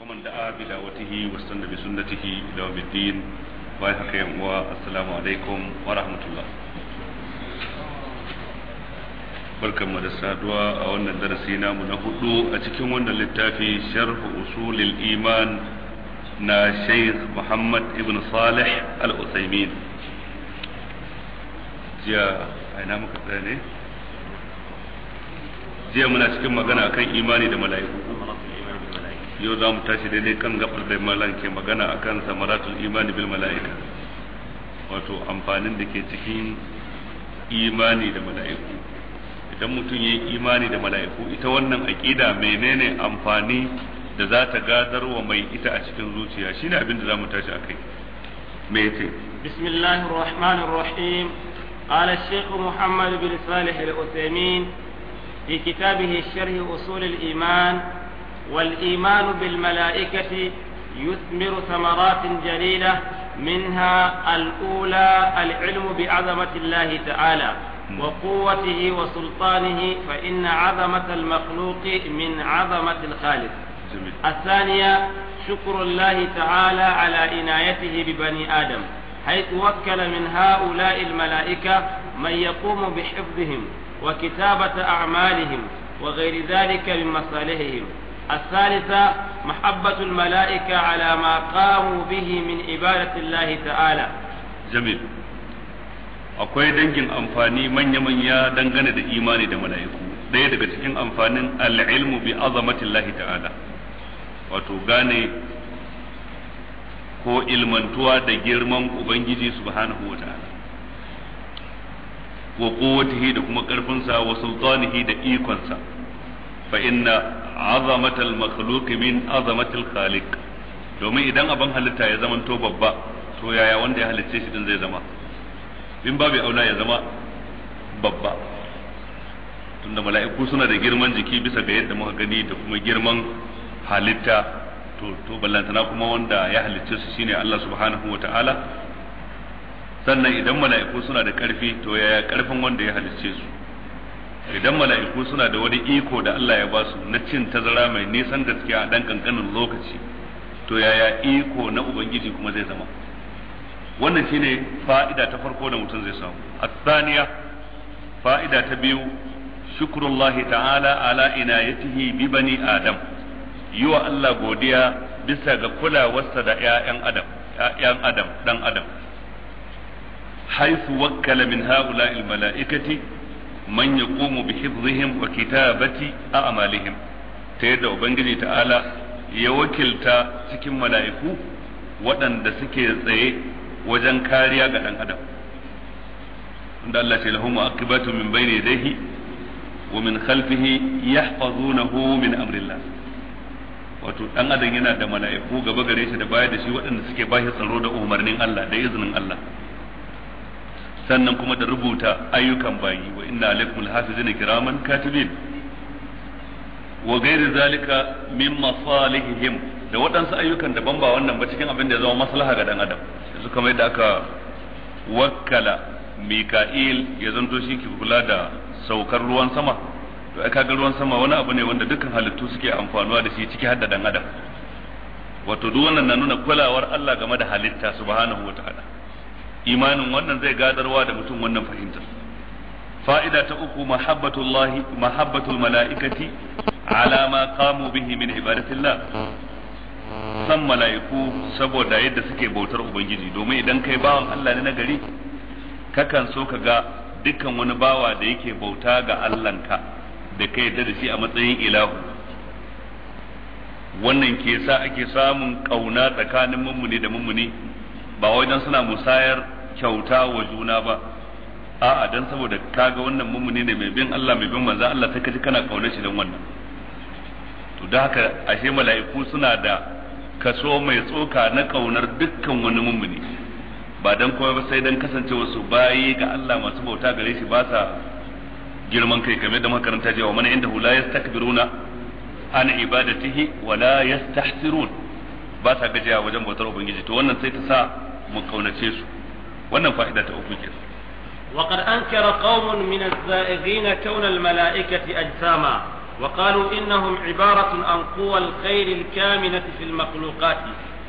ومن دعا بدعوته واستنى بسنته الى يوم الدين ويحق والسلام عليكم ورحمه الله barkanmu da saduwa a wannan darasi namu na hudu a cikin wannan littafi sharh usulil iman na Sheikh Muhammad ibn Salih al-Utsaimin jiya aina muka tsaya ne jiya muna cikin magana akan imani da mala'iku yau za mu tashi daidai kan gabar da malam ke magana kan samaratul imani bil mala'ika wato amfanin da ke cikin imani da mala'iku idan mutum ya yi imani da mala'iku ita wannan aƙida menene amfani da za ta gadarwa mai ita a cikin zuciya ne abin da za mu tashi kai me yace ce rahmanir قال الشيخ محمد بن صالح العثيمين في كتابه الشرح أصول الإيمان والإيمان بالملائكة يثمر ثمرات جليلة منها الأولى العلم بعظمة الله تعالى وقوته وسلطانه فإن عظمة المخلوق من عظمة الخالق جميل. الثانية شكر الله تعالى على عنايته ببني آدم حيث وكل من هؤلاء الملائكة من يقوم بحفظهم وكتابة أعمالهم وغير ذلك من مصالحهم الثالثة محبة الملائكة على ما قاموا به من عبادة الله تعالى جميل akwai dangin amfani manya-manya dangane da imani da mala'iku ɗaya daga cikin amfanin al'ilmu bi azamatillahi ta'ala wato gane ko ilmantuwa da girman ubangiji subhanahu wa ta'ala wa kowatihi da kuma ƙarfinsa wa sultanihi da ikonsa fa inna azamatal makhluq min azamatil khaliq domin idan abin halitta ya zama to babba to yaya wanda ya halicce shi din zai zama in babu auna ya zama babba tunda mala'iku suna da girman jiki bisa ga yadda muka gani da kuma girman halitta to to ballantana kuma wanda ya halicce su shine Allah subhanahu wataala sannan idan mala'iku suna da karfi to yaya karfin wanda ya halicce su idan mala'iku suna da wani iko da Allah ya basu na cin tazara mai nisan gaskiya a dan kankanin lokaci to yaya iko na ubangiji kuma zai zama wannan shine fa'ida ta farko da mutum zai samu asaniya fa'ida ta biyu shukrullahi ta'ala ala inayatihi bi bani adam yiwa Allah godiya bisa ga kulawarsa da ƴaƴan adam ƴaƴan adam dan adam haythu wakkala min ha'ula'il mala'ikati man yaqumu bi hifzihim wa kitabati a'malihim ta yadda ubangiji ta'ala ya wakilta cikin mala'iku waɗanda suke tsaye wajen kariya ga ɗan adam inda Allah ce lahum aqibatu min bayni yadayhi wa min khalfihi yahfazunahu min amrillah wato ɗan adam yana da mala'iku gaba gare shi da baya da shi waɗanda suke bashi tsaro da umarnin Allah da izinin Allah sannan kuma da rubuta ayyukan bayi wa inna alaikum alhafizin kiraman katibin wa ghairi zalika min masalihihim da waɗansu ayyukan daban ba wannan ba cikin abin da ya zama maslaha ga dan adam su kamar yadda aka wakkala mika'il ya zanto shi ke kula da saukar ruwan sama to aka ga ruwan sama wani abu ne wanda dukkan halittu suke amfanuwa da shi ciki har da dan adam wato duk wannan na nuna kulawar Allah game da halitta subhanahu wataala imanin wannan zai gadarwa da mutum wannan fahimtar fa'ida ta uku lahi mahabbatul mala'ikati ala ma qamu bihi min ibadatillah san mala'iku saboda yadda suke bautar ubangiji domin idan kai bawan Allah ne na gari kakan so ka ga dukkan wani bawa da yake bauta ga Allahnka da kai da shi a matsayin ilahu wannan ke sa ake samun kauna tsakanin mummuni da mummuni ba wai suna musayar kyauta wa juna ba a'a dan saboda kaga wannan mumuni ne mai bin Allah mai bin manzo Allah sai kaji kana kauna shi dan wannan to da haka ashe mala'iku suna da kaso mai tsoka na kaunar dukkan wani mumuni ba dan kuma ba sai dan kasancewa su bayi ga Allah masu bauta gare shi ba sa girman kai kamar da makaranta jewa mana inda hula yastakbiruna an ibadatihi wala yastahsirun ba sa gajiya wajen bautar ubangiji to wannan sai ta sa mu kaunace su wannan fa'ida ta uku kenan وقد أنكر قوم من الزائغين كون الملائكة أجساما وقالوا إنهم عبارة عن قوى الخير الكامنة في المخلوقات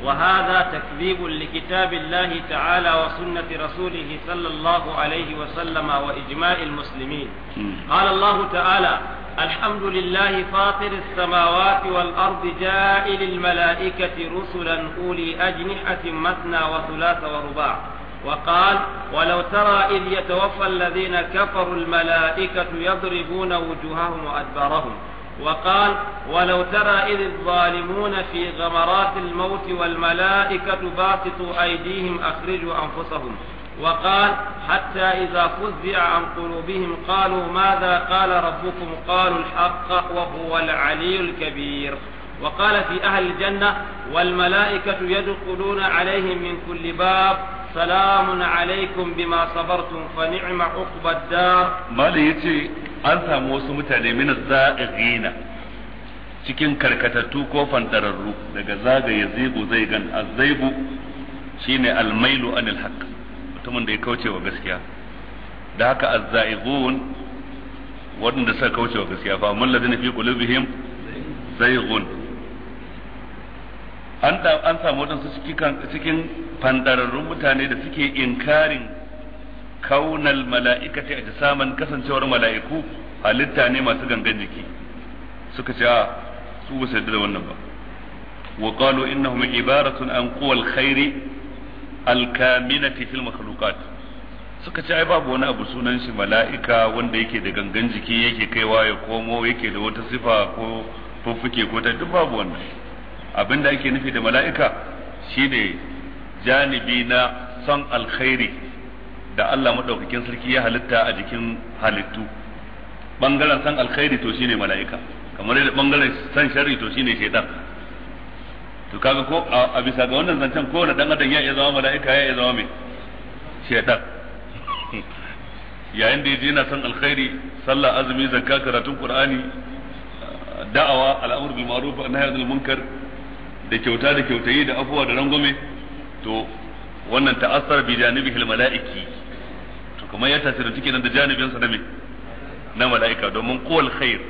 وهذا تكذيب لكتاب الله تعالى وسنة رسوله صلى الله عليه وسلم وإجماع المسلمين قال الله تعالى الحمد لله فاطر السماوات والأرض جائل الملائكة رسلا أولي أجنحة مثنى وثلاث ورباع وقال ولو ترى إذ يتوفى الذين كفروا الملائكة يضربون وجوههم وأدبارهم وقال ولو ترى إذ الظالمون في غمرات الموت والملائكة باسطوا أيديهم أخرجوا أنفسهم وقال حتى إذا فزع عن قلوبهم قالوا ماذا قال ربكم قالوا الحق وهو العلي الكبير وقال في أهل الجنة والملائكة يدخلون عليهم من كل باب سلام عليكم بما صبرتم فنعم عقب الدار ما ليتي أنت موسم من الزائغين cikin karkatattu ko fantararru daga zagaye zaibu zai gan azzaibu shine almailu anil haqq mutumin da ya kauce wa gaskiya da haka azzaigun waɗanda suka kauce wa gaskiya fa mun ladina fi qulubihim zaigun an an samu wadansu cikin cikin fandararrun mutane da suke inkarin kaunal mala'ikati ajsaman kasancewar mala'iku halitta ne masu gangan jiki suka ce a su ba su da wannan ba wa qalu innahum ibaratun an quwal khairi alkaminati fil makhluqat suka ce ai babu wani abu sunan shi mala'ika wanda yake da gangan jiki yake kaiwa ya komo yake da wata sifa ko fuffuke ko ta duk babu wannan abinda ake nufi da mala'ika shine janibi na son alkhairi da Allah madaukakin sarki ya halitta a jikin halittu bangaren san alkhairi to shine mala'ika kamar yadda bangaren san sharri to shine shaitan to kaga ko a bisa ga wannan zancen ko wani dan adam ya iya zama mala'ika ya iya zama mai shedan yayin da yaji yana son alkhairi sallah azumi zakka karatun qur'ani da'awa al'amr bil ma'ruf wa nahy anil munkar da kyauta da kyautayi da afuwa da rangwame to wannan ta'assar bi janibihi al mala'iki to kuma ya tasiru take nan da janibin sa da me na mala'ika domin qul khair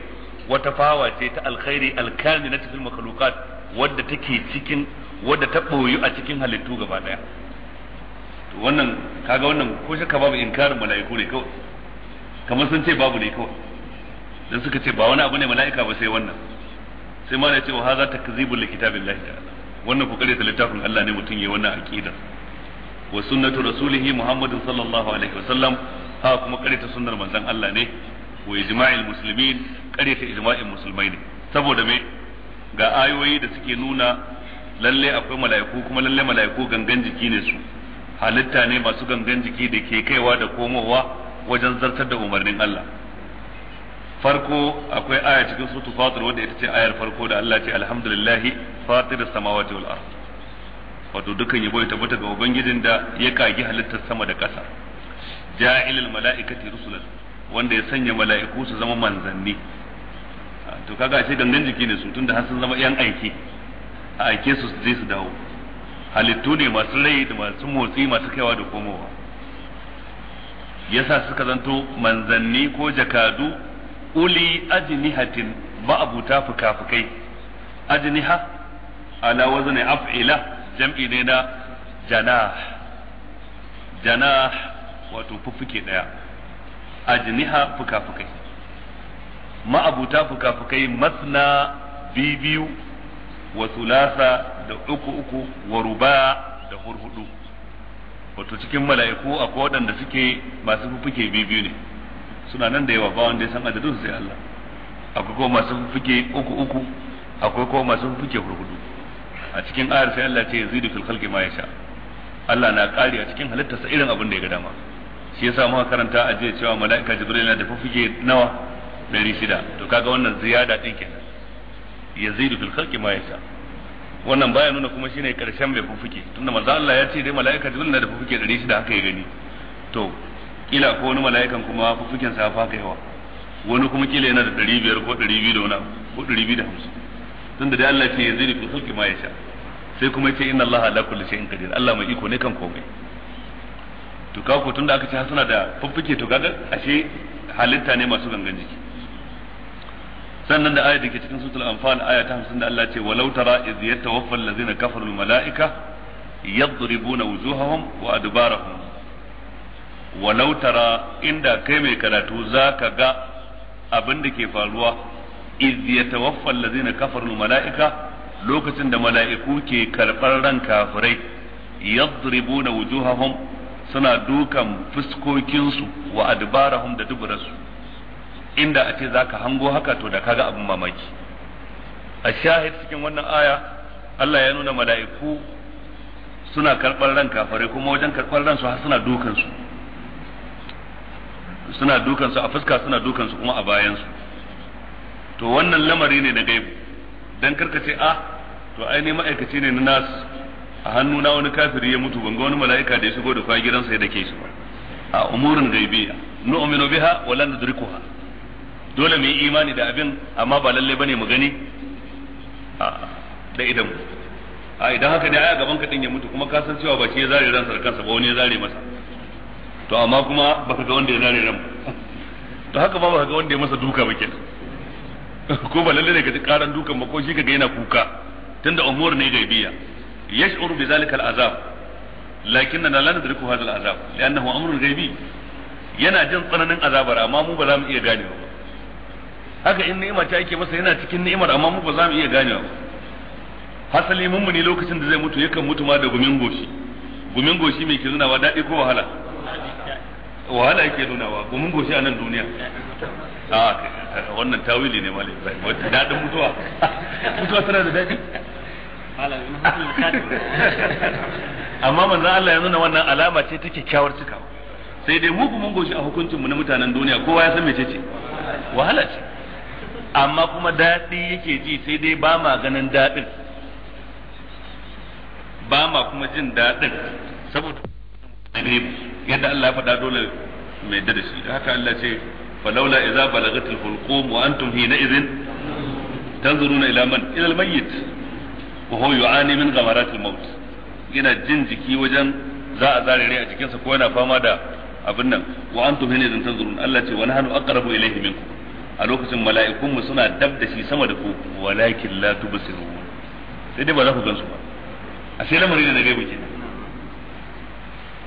wata fawa ce ta alkhairi alkaminatu fil makhluqat wadda take cikin wadda ta boyu a cikin halittu gaba daya wannan kaga wannan ko shakka babu inkarin mala'iku ne kawai kamar sun ce babu ne kawai dan suka ce ba wani abu ne mala'ika ba sai wannan sai ma da ce wa hadha takzibul likitabillahi ta'ala wannan ku kare ta littafin Allah ne mutum ya wannan aqidar wa sunnatu rasulihi muhammadin sallallahu alaihi wa sallam ha kuma kare ta sunnar manzon Allah ne wa ijma'il muslimin kare ta ijma'in musulmai ne saboda me ga ayoyi da suke nuna lalle akwai mala'iku kuma lalle mala'iku gangan jiki ne su halitta ne masu gangan jiki da ke kaiwa da komowa wajen zartar da umarnin Allah farko akwai aya cikin sutu fatir wanda ita ce ayar farko da Allah ce alhamdulillahi fatir samawati wal ard wato dukan yabo ya tabbata ga ubangijin da ya kagi halittar sama da ƙasa ja'ilul mala'ikati rusulan wanda ya sanya mala'iku su zama manzanni to kaga ashe gangan jiki ne su da har sun zama yan aiki a aike su je su dawo halittu ne masu rai da masu motsi masu kaiwa da komowa yasa suka zanto manzanni ko jakadu uli ajnihatin ta fuka-fukai ajniha ala wazni af'ila jam'i ne na janah janah wato fuffuke daya ajniha fuka-fukai ma'abuta fuka-fukai masna biyu wa sulasa da uku uku wa ruba da hurhudu wato cikin mala'iku akwai waɗanda suke masu fuke biyu ne suna nan da yawa ba wanda ya san adadin sai Allah akwai kuma masu fuke uku uku akwai kuma masu fuke hurhudu a cikin ayar sai Allah ce yazidu fil khalqi ma yasha Allah na ƙari a cikin halittarsa irin abin da ya ga dama shi yasa muka karanta a jiya cewa mala'ika jibril na da fuke nawa ɗari shida to kaga wannan ziyada ɗin kenan yazidu fil khalqi ma yasha wannan baya nuna kuma shine karshen mai fufuke tunda manzo Allah ya ce dai mala'ika jibril na da fufuke 600 haka ya gani to kila ko wani mala'ikan kuma fufuken sa fa yawa wani kuma kila yana da 500 ko 200 da wani ko 250 tunda dai Allah ce yazidu fil khalqi ma yasha sai kuma ya ce inna Allah ala kulli shay'in qadir Allah mai iko ne kan komai to ka ko tunda aka ce suna da fufuke to kaga ashe halitta ne masu gangan jiki sannan da ayat ke cikin suratul anfal aya ta hamsin da Allah ce walau tara iz yatawaffa allazina kafaru al malaika yadribuna wujuhahum wa adbarahum walau tara inda kai mai karatu zaka ga abin da ke faruwa iz yatawaffa allazina kafaru al malaika lokacin da mala'iku ke karbar ran kafirai yadribuna wujuhahum suna dukan fuskokinsu wa adbarahum da duburarsu inda a ce za ka hango haka to da kaga abin mamaki a shahid cikin wannan aya Allah ya nuna mala'iku suna karɓar ran kafare kuma wajen karɓar ran su har suna dukan su suna dukan su a fuska suna dukan su kuma a bayan su to wannan lamari ne na gaibu dan karka ce ah to ai ne ma'aikaci ne na nas a hannu na wani kafiri ya mutu ban ga wani mala'ika da ya shigo da kwa gidansa ya dake shi ba a umurin gaibiya nu'minu biha wa la nudrikuha dole mu yi imani da abin amma ba lalle bane mu gani da idan a idan haka ne aya gaban ka din ya mutu kuma ka san cewa ba shi ya zare ransa da kansa ba wani ya zare masa to amma kuma baka ga wanda ya zare ran to haka ba baka ga wanda ya masa duka ba kenan ko ba lalle ne ka ji karan dukan ba ko shi ka ga yana kuka tunda umur ne gaibiya yash'uru bi zalika al'azab lakinna la nadriku hadha al'azab li'annahu amrun ghaibi yana jin tsananin azabar amma mu ba za mu iya gane ba haka in ni'ima ta yake masa yana cikin ni'imar amma mu ba za mu iya ganewa ba hasali mun ne lokacin da zai mutu yakan mutu ma da gumin goshi gumin goshi mai ke wa daɗi ko wahala wahala yake wa gumin goshi a nan duniya a ah, wannan tawili ne malai ibrahim wata daɗin mutuwa mutuwa tana da daɗi amma manzo Allah ya nuna wannan alama ce ta kyakkyawar cikawa sai dai mu gumin goshi a hukuncin mu na mutanen duniya kowa ya san mece ce wahala ce amma kuma daɗi yake ji sai dai ba ma ganin daɗin ba ma kuma jin daɗin saboda yadda Allah ya faɗa dole mai da shi haka Allah ce falaula idza balagatil hulqum wa antum hina idhin tanzuruna ila man ila almayyit wa huwa yu'ani min ghamaratil maut yana jin jiki wajen za a zare rai a sa ko yana fama da abin nan wa antum hina idhin tanzuruna Allah ce wa nahnu aqrabu ilayhi minkum a lokacin mala'ikunmu suna dab da shi sama da ku walakin la tubsiru sai dai ba za ku gansu ba a sai lamari ne na gaibu kenan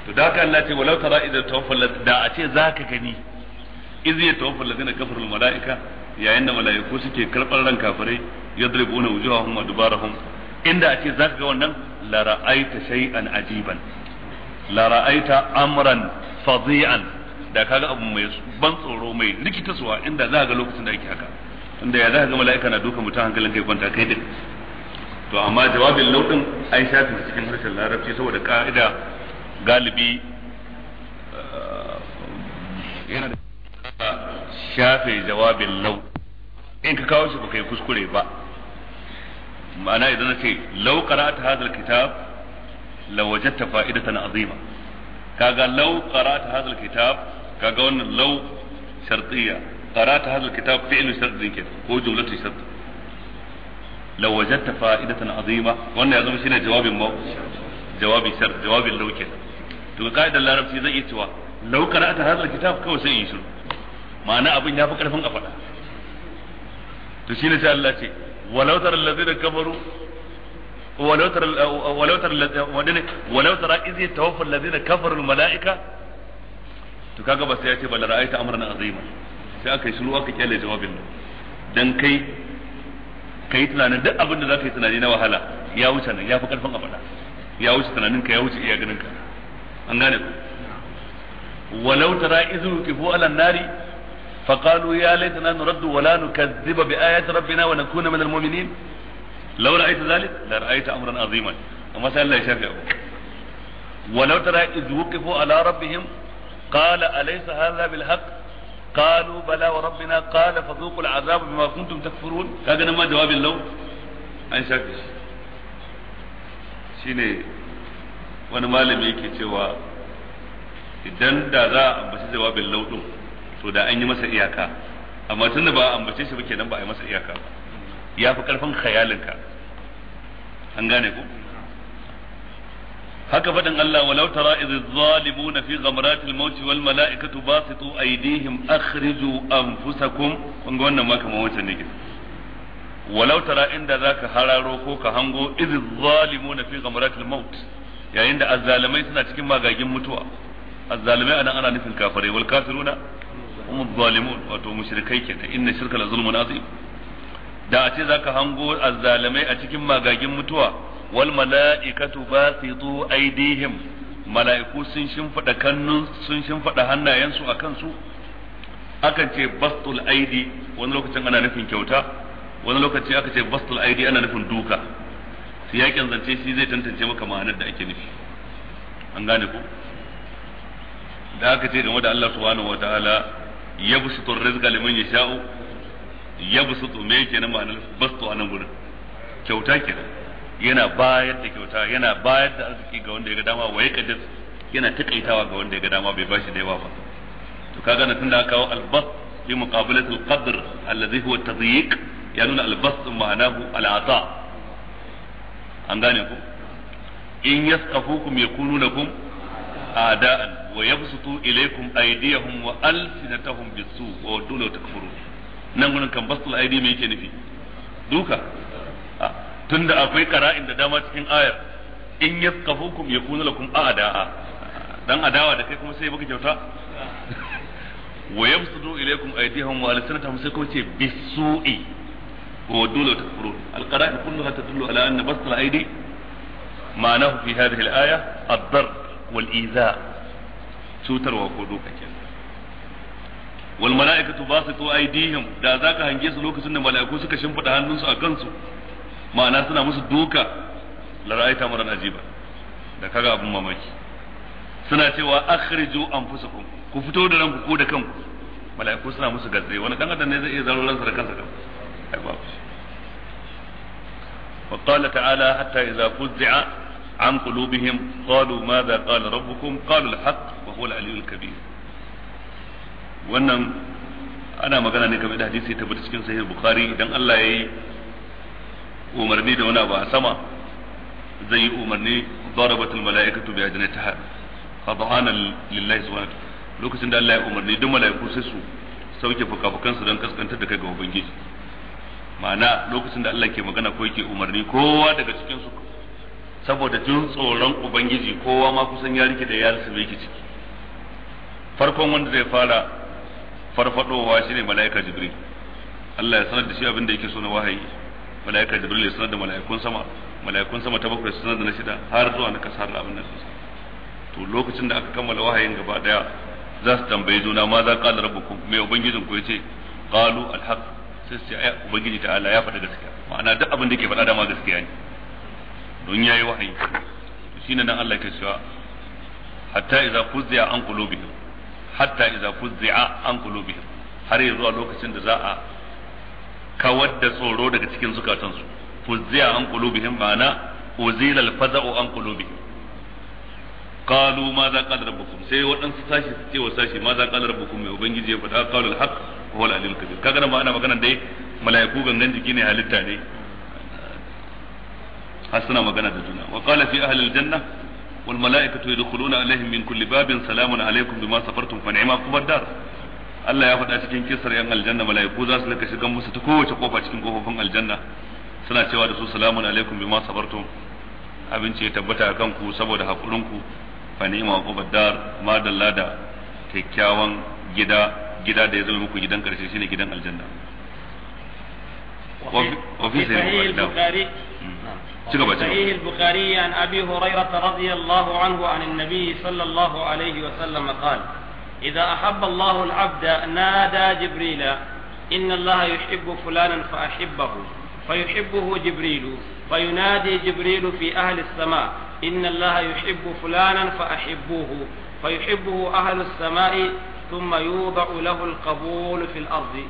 to da haka Allah ce walau tara idan tawaffal da a ce zaka gani iz ya tawaffal ladina kafaru al malaika yayin da malaiku suke karbar ran kafirai yadribuna wujuhahum wa dubarahum inda a ce zaka ga wannan la ra'aita shay'an ajiban la ra'aita amran fadi'an da ka ga abu mai ban tsoro mai rikitaswa inda za ga lokacin da ake haka inda ya za ga mala'ika na duka mutum hankalin kai kwanta kai din to amma jawabin laudin ai shafi cikin harshen larabci saboda ka'ida galibi eh, yana da shafe jawabin lau in ka kawo shi baka yi kuskure ba ma'ana idan ce lau qara'ta hadal kitab la lawajadta fa'idatan azima kaga lau qara'ta hadal kitab kaga wannan law shartiyya qara'ata hadha kitab fi'lu shart ke kenan ko jumlatu shart law wajadta fa'idatan azima wannan ya zama shine jawabin ma jawabi shart jawabin law kenan to ka'idar larabci zai iya cewa law qara'ata hadha kitab kawai sai yi shiru ma'ana abin ya fi karfin a faɗa to shine sai Allah ce walau taral ladzina kafaru ولو ترى ولو ترى ولو ترى إذ يتوفى الذين كفروا الملائكة to kaga ba sai ya ce bal ra'aita amran azima sai aka yi shiru aka kyale jawabin nan dan kai kai tunanin duk abin da zaka yi tunani na wahala ya wuce nan ya fi karfin a faɗa ya wuce tunanin ka ya wuce iya ganin ka an gane ku walau tara izu kifu ala nari فقالوا يا ليتنا نرد ولا نكذب بآيات ربنا ونكون من المؤمنين لو رأيت ذلك لرأيت أمرا عظيما وما سأل الله يشافعه ولو ترى إذ وقفوا على ربهم qala alaysa hadha bil haqq qalu bala wa rabbina qala fadhuqu al azab bima kuntum takfurun kaga nan ma jawabin law an shafe shi wani malami yake cewa idan da za a ambaci jawabin law to da an yi masa iyaka amma tunda ba a ambace shi ba kenan ba a yi masa iyaka ba ya fi karfin khayalinka an gane ku haka faɗin Allah walau tara idh zalimuna fi ghamratil mauti wal malaikatu basitu aydihim akhriju anfusakum kun ga wannan ma kamar wancan ne walau tara inda zaka hararo ko ka hango idh zalimuna fi ghamratil maut yayin da azzalimai suna cikin magagin mutuwa azzalimai anan ana nufin kafirai wal kafiruna hum zalimun wato mushrikai kenan inna shirka la zulmun azim da a ce zaka hango azzalimai a cikin magagin mutuwa wal mala'ikatu basitu aydihim mala'iku sun shimfida kannun sun shimfida hannayensu akan su akan ce bastul aidi wani lokacin ana nufin kyauta wani lokaci aka ce bastul aidi ana nufin duka yakin zance shi zai tantance maka ma'anar da ake nufi an gane ku da aka ce game da Allah subhanahu wataala yabsutu rizqa liman yasha'u yabsutu me kenan ma'anar bastu anan gurin kyauta kenan yana bayar da kyauta yana bayar da arziki ga wanda ya ga dama wa yaqdir yana takaitawa ga wanda ya ga dama bai bashi da yawa ba to kaga na tunda aka kawo albas fi muqabalati alqadr alladhi huwa tadyiq ya nuna albas ma'anahu al'ata an gane ku in yasqafukum yakunu lakum a'da'an wa yabsutu ilaykum aydiyahum wa alsinatahum bis-su' wa dulaw takfurun nan gurin kan basul aidi me yake nufi duka tunda akwai qara'in da dama cikin ayar in ya yaskafukum yakunu lakum a'da'a dan adawa da kai kuma sai baka kyauta wa yabsudu ilaykum aydihim wa alsanatahum sai kuma ce bisu'i wa dole takfurun alqara'in kulluha tadullu ala anna basl al-aydi ma'anahu fi hadhihi al-aya ad-dar wal iza cutarwa ko doka kenan wal mala'ikatu basitu aydihim da zaka hange su lokacin da mala'iku suka shimfida hannunsu a kansu ma'ana suna musu duka la ra'aita maran ajiba da kaga abin mamaki suna cewa akhriju anfusakum ku fito da ranku ko da kanku mala'iku suna musu gatsai wani dan adam ne zai iya zaro ransa da kansa kan ai ba wa qala ta'ala hatta idza fuzza an qulubihim qalu madha qala rabbukum qalu al haq wa huwa al-aliyyul kabir wannan ana magana ne game da hadisi tabbata cikin sahih bukhari idan Allah yayi umarni da wani abu a sama zai yi umarni darabatul mala'ikatu bi ajnatiha khad'ana lillahi subhanahu lokacin da Allah ya umarni duk mala'iku sai su sauke su don kaskantar da kai ga ubangiji ma'ana lokacin da Allah ke magana ko yake umarni kowa daga cikin su saboda jin tsoron ubangiji kowa ma kusan ya rike da ya bai ki ciki farkon wanda zai fara farfadowa shine mala'ika jibril Allah ya sanar da shi abin da yake so na wahayi malaikar jibril ya sanar da malaikun sama malaikun sama ta bakwai sanar da na shida har zuwa na kasar da abin nan to lokacin da aka kammala wahayin gaba daya za su tambayi juna ma za ka qala rabbukum me ubangijin ku yace qalu alhaq sai su ce ai ubangiji ala ya faɗa gaskiya ma'ana duk abin da yake faɗa dama gaskiya ne don yayi wahayi shi ne nan Allah ke cewa hatta idza fuzzi'a an qulubihim hatta idza fuzzi'a an qulubihim har yanzu a lokacin da za a kawar da tsoro daga cikin zukatansu fuzziya an qulubihim ma'ana uzila al an qulubihim qalu ma za qala rabbukum sai waɗansu sashi su ce wa sashi ma za qala rabbukum mai ubangiji ya faɗa qalu al-haq huwa al-alil kabir kaga nan ana magana dai mala'iku gangan jiki ne halitta ne har suna magana da juna wa qala fi ahli al-janna wal mala'ikatu yadkhuluna alaihim min kulli babin salamun alaikum bima safartum fa ni'ma qabdar Allah ya faɗa cikin kisar yan aljanna mala'iku za su laka shigan musu ta kowace kofa cikin kofofin aljanna suna cewa da su salamun alaikum bima sabartum abinci ya tabbata kan ku saboda hakurin ku fa ni'ma wa qubaddar ma dalla da kyakkyawan gida gida da ya zama muku gidan karshe shine gidan aljanna wa fi sahih al-bukhari صحيح البخاري عن ابي هريره رضي الله عنه عن النبي صلى الله عليه وسلم قال إذا أحب الله العبد نادى جبريل إن الله يحب فلانا فأحبه فيحبه جبريل فينادي جبريل في أهل السماء إن الله يحب فلانا فأحبوه فيحبه أهل السماء ثم يوضع له القبول في الأرض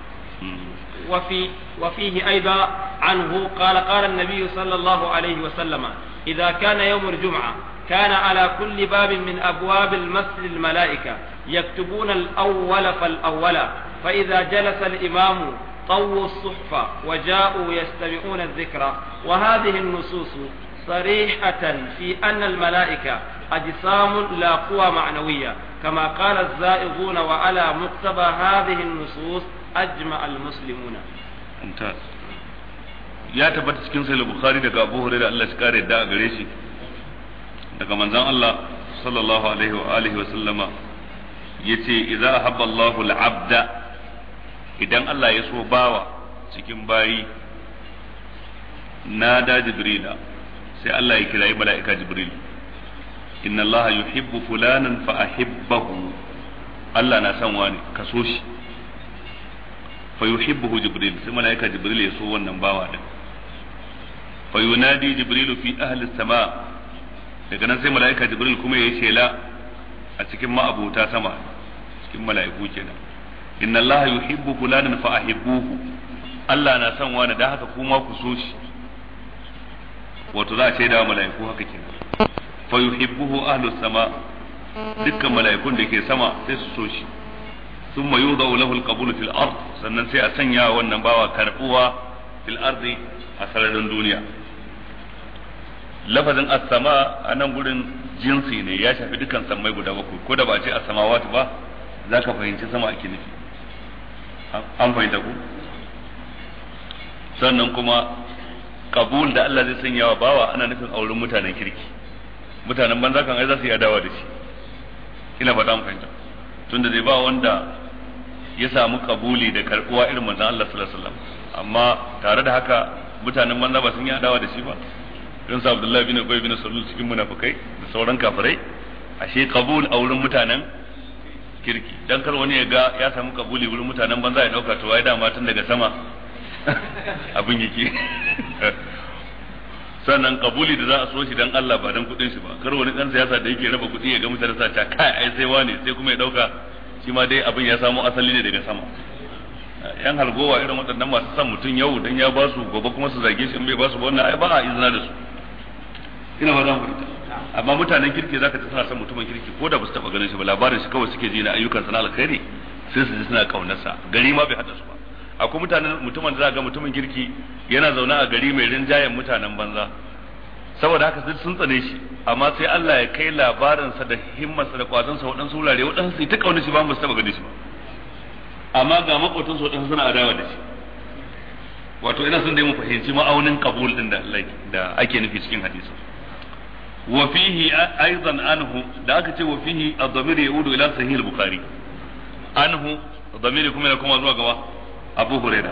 وفي وفيه أيضا عنه قال قال النبي صلى الله عليه وسلم إذا كان يوم الجمعة كان على كل باب من أبواب المسجد الملائكة يكتبون الأول فالأول فإذا جلس الإمام طووا الصحفة وجاءوا يستمعون الذكر وهذه النصوص صريحة في أن الملائكة أجسام لا قوى معنوية كما قال الزائغون وعلى مقتضى هذه النصوص أجمع المسلمون ممتاز ya tabbata cikin sai bukhari daga abu hurairah Allah shi kare da gare shi daga manzon Allah sallallahu alaihi wa alihi wa sallama yace idza ahabba Allahu al-abda idan Allah ya so bawa cikin bayi nada jibrila sai Allah ya kirayi mala'ika jibril inna Allah yuhibbu fulanan fa ahibbahu Allah na son wani ka so shi fa yu'hibbu jibril sai mala'ika jibril ya so wannan bawa din fa yunadi jibril fi ahli sama daga nan sai mala'ika jibril kuma ya yi shela a cikin ma'abota sama cikin mala'iku kenan inna Allah yuhibbu fulanan fa ahibbuhu Allah na son wani da haka kuma ku so shi wato za a shaida wa mala'iku haka kenan fa yuhibbuhu ahlus sama dukkan mala'ikun da ke sama sai su so shi ثم يوضع له القبول في الأرض sannan sai a sanya wannan bawa karbuwa fil ardi a sararin duniya lafazin asama sama a nan gurin jinsi ne ya shafi dukkan samai guda bakwai ko da ba a ce asama wata ba za ka fahimci sama ake nufi an fahimta ku sannan kuma kabul da Allah zai sanya wa bawa ana nufin auren mutanen kirki mutanen banza kan ai za su yi adawa da shi ina ba an fahimta tunda zai ba wanda ya samu kabuli da karbuwa irin manzon Allah sallallahu alaihi wasallam amma tare da haka mutanen banza ba sun yi adawa da shi ba don sa Abdullahi bin Ubay bin Salul cikin munafukai da sauran kafirai ashe kabul a wurin mutanen kirki dan kar wani ya ga ya samu kabuli wurin mutanen banza ya dauka to wai dama tun daga sama abin yake sannan kabuli da za a so shi dan Allah ba dan kudin shi ba kar wani dan siyasa da yake raba kudi ya ga mutane sa ta kai ai sai wani sai kuma ya dauka shi ma dai abin ya samo asali ne daga sama yan halgowa irin waɗannan masu son mutum yau dan ya ba su gobe kuma su zage shi in bai ba su ba wannan ai ba a izina da su ina ba za mu fahimta amma mutanen kirki zaka ta sa mutumin kirki ko da ba su taba ganin shi ba labarin shi kawai suke ji na ayyukan sana alkhairi sai su ji suna kaunarsa gari ma bai hada su ba akwai mutanen mutumin da za ga mutumin kirki yana zaune a gari mai rinjayen mutanen banza saboda haka sai sun tsane shi amma sai Allah ya kai labarinsa da himmarsa da kwazonsa waɗansu wurare waɗansu sai ta kaunar shi ba mu taba ganin shi ba amma ga makotansu waɗansu suna adawa da shi wato ina son dai mu fahimci ma'aunin kabul din da ake nufi cikin hadisi Wafihi fihi aidan anhu da aka ce wa fihi ad-damir yaudu ila sahih al-bukhari anhu ad-damir kuma yana kuma zuwa gaba abu huraira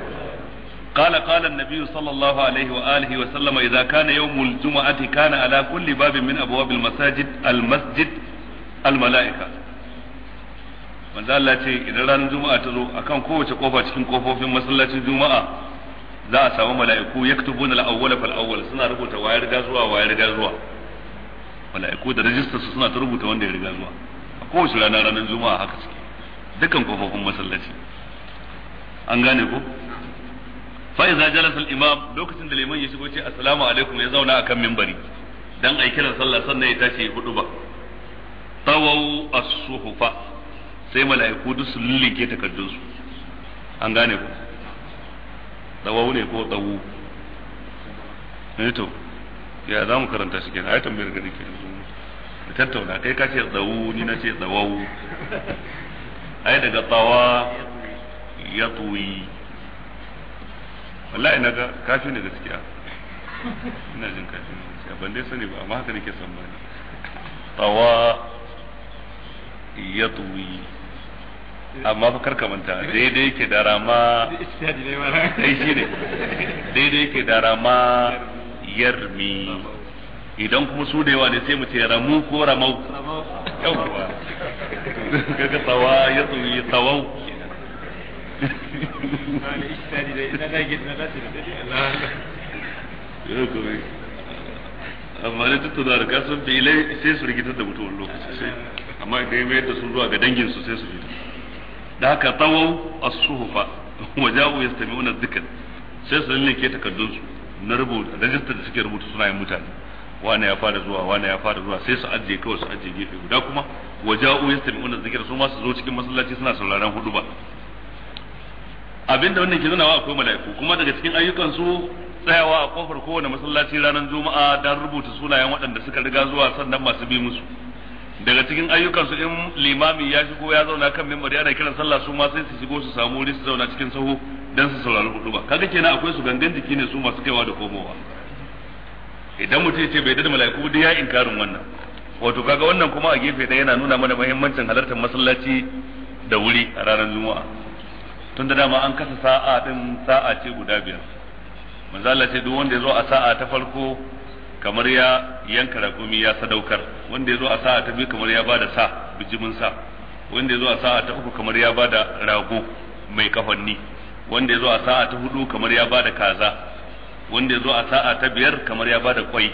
قال قال النبي صلى الله عليه وآله وسلم إذا كان يوم الجمعة كان على كل باب من أبواب المساجد المسجد الملائكة من ذا الله إذا ران جمعة تزو أكام قوة قوفة تكين قوفة في مسلاة za a samu mala'iku yaktubuna al-awwala fal awwal suna rubuta wayar gazuwa wayar gazuwa mala'iku da rajistar su suna ta rubuta wanda ya riga zuwa a kowace rana ranar juma'a haka suke dukan kofofin masallaci an gane ko fa idza jalasa al-imam lokacin da liman ya shigo ce assalamu alaikum ya zauna akan minbari dan ai kiran sallah sannan ya tashi hudu ba tawau as-suhufa sai mala'iku duk su lullike takaddun su an gane ko tawau ne ko tawu ne eh to ya za mu karanta shi kenan ai tambayar gari ke mu tattauna kai ka ce tsawo ni na ce tsawau ai daga tsawa ya tuyi wallahi na ga kafi ne gaskiya ina jin kafi ne gaskiya ban dai sani ba amma haka nake son bani tsawa ya tuyi amma fa karka manta daidai ke da rama shi ne daidai ke da rama yarmi idan kuma su da yawa ne sai mu ce ramu ko ramau yawwa kaga tsawa ya tsuyi tsawau amma da tuttu da rika sun fi ilai sai su rikitar da mutuwar lokaci sai amma idan ya mayar da sun zuwa ga dangin su sai su fito da haka tawau as-suhufa wa ja'u yastami'una dhikr sai su lalle ke takardunsu na rubuta rajistar da suke rubuta sunayen mutane wane ya fara zuwa wane ya fara zuwa sai su ajiye kawai su ajiye gefe guda kuma waje waja'u wannan dhikra su ma su zo cikin masallaci suna sauraron ba. abinda wannan ke nuna wa akwai mala'iku kuma daga cikin ayyukan su tsayawa a kofar kowane masallaci ranar juma'a dan rubuta sunayen waɗanda suka riga zuwa sannan masu bi musu daga cikin ayyukan su in limami ya shigo ya zauna kan mimbar yana kiran sallah su ma sai su shigo su samu wuri su zauna cikin sahu dan su saurari hudu ba kaga kenan akwai su gangan jiki ne su masu kaiwa da komowa idan mutum ce bai da mala'iku duk ya inkarin wannan wato kaga wannan kuma a gefe da yana nuna mana muhimmancin halartar masallaci da wuri a ranar juma'a tun da dama an kasa sa'a din sa'a ce guda biyar manzo Allah ce duk wanda ya zo a sa'a ta farko kamar ya yanka rakumi ya sadaukar wanda ya zo a sa'a ta biyu kamar ya bada sa bijimin sa wanda ya zo a sa'a ta uku kamar ya bada rago mai kafanni wanda ya zo a sa'a ta hudu kamar ya bada kaza wanda ya zo a sa'a ta biyar kamar ya bada kwai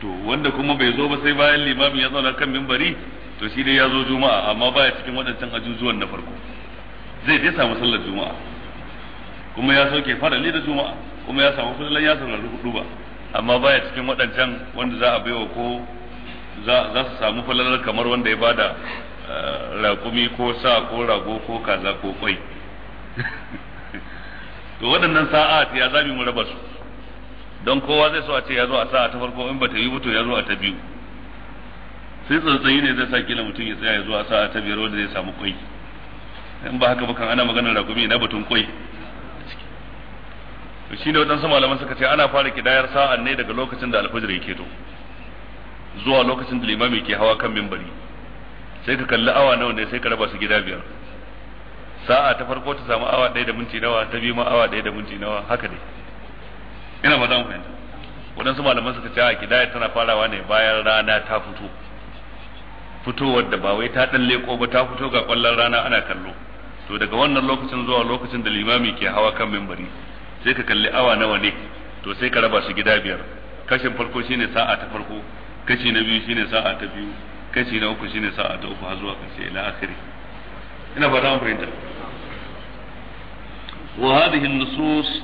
to wanda kuma bai zo ba sai bayan limamin ya zauna kan mimbari to shi dai ya zo juma'a amma baya cikin waɗancan ajujuwan na farko zai dai samu sallar juma'a kuma ya sauke farali da juma'a kuma ya samu fadalan ya saurari hudu ba amma baya cikin waɗancan wanda za a baiwa ko za su samu falalar kamar wanda ya bada eh, raƙumi ko sa ko rago ko kaza ko kwai to waɗannan sa'a ya zabi mu raba su don kowa zai so a ce ya zo a sa'a ta farko in ba ta yi ba to ya zo a ta biyu sai tsantsayi ne zai sa kila mutum ya tsaya ya zo a sa'a ta biyar wanda zai samu kwai in ba haka ba kan ana maganar rakumi na batun kwai to shi ne waɗansu malaman suka ce ana fara kidayar sa'a ne daga lokacin da alfajir yake to zuwa lokacin da limami ke hawa kan mimbari sai ka kalli awa nawa ne sai ka raba su gida biyar sa'a ta farko ta samu awa ɗaya da minti nawa ta biyu ma awa ɗaya da minti nawa haka dai ina ba zan fahimta waɗansu malaman suka ce a kidaya tana farawa ne bayan rana ta fito fitowar da ba wai ta ɗan leƙo ba ta fito ga ƙwallon rana ana kallo to daga wannan lokacin zuwa lokacin da limami ke hawa kan mimbari sai ka kalli awa nawa ne to sai ka raba su gida biyar kashin farko shine sa'a ta farko kashi na biyu shine sa'a ta biyu kashi na uku shine sa'a ta uku har zuwa ƙarshe ila akhiri ina ba za mu fahimta وهذه النصوص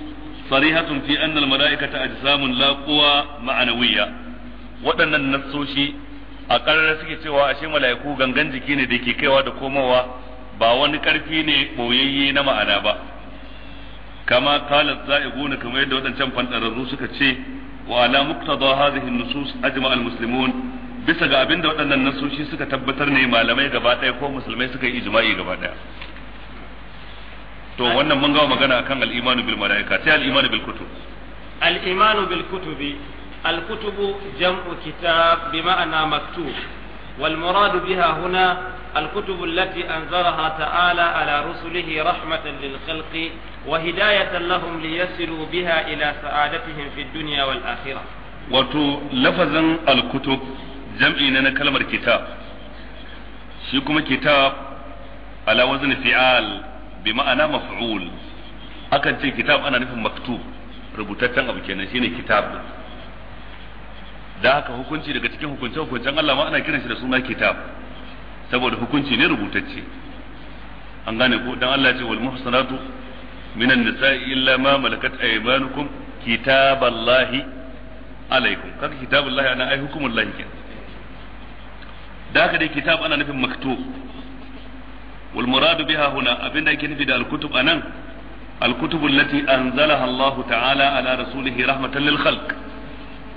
صريحة في أن الملائكة أجسام لا قوى معنوية وأن النصوص أقرر سكي سوى أشي ne غنغن جكيني ديكي كيوا دكوموا ba wani ƙarfi ne ɓoyayye na ma'ana ba kama kalat za'iguna kamar yadda waɗancan fantararru suka ce wa ala muqtada hadhihi an-nusus ajma al bisa ga abinda waɗannan nasoshi suka tabbatar ne malamai gaba ko musulmai suka yi ijma'i gaba ɗaya to wannan mun gawo magana akan al-imanu bil malaika sai al-imanu bil kutub al-imanu bil kutubi al-kutubu jam'u kitab bi ma'ana maktub wal murad biha huna al kutubu allati anzalaha الكتب التي أنزلها تعالى على رسله رحمة للخلق وهداية لهم ليصلوا بها إلى سعادتهم في الدنيا والآخرة wato lafazin kutub jam'i na kalmar kitab shi kuma kitab ala wazn fi'al bi ma'ana maf'ul akan ce kitab ana nufin maktub rubutaccen abu kenan shine kitab da haka hukunci daga cikin hukuncen Allah ma ana kiran shi da suna kitab saboda hukunci ne rubutacce an gane ko dan Allah ce wal muhsanatu minan nisa'i illa ma malakat aymanukum kitaballahi alaikum kaga kitaballahi ana ai hukumullahi kenan da haka dai kitab ana nufin maktub wal muradu biha huna abinda ake nufi da al kutub anan al kutub allati anzalaha Allah ta'ala ala rasulihi rahmatan lil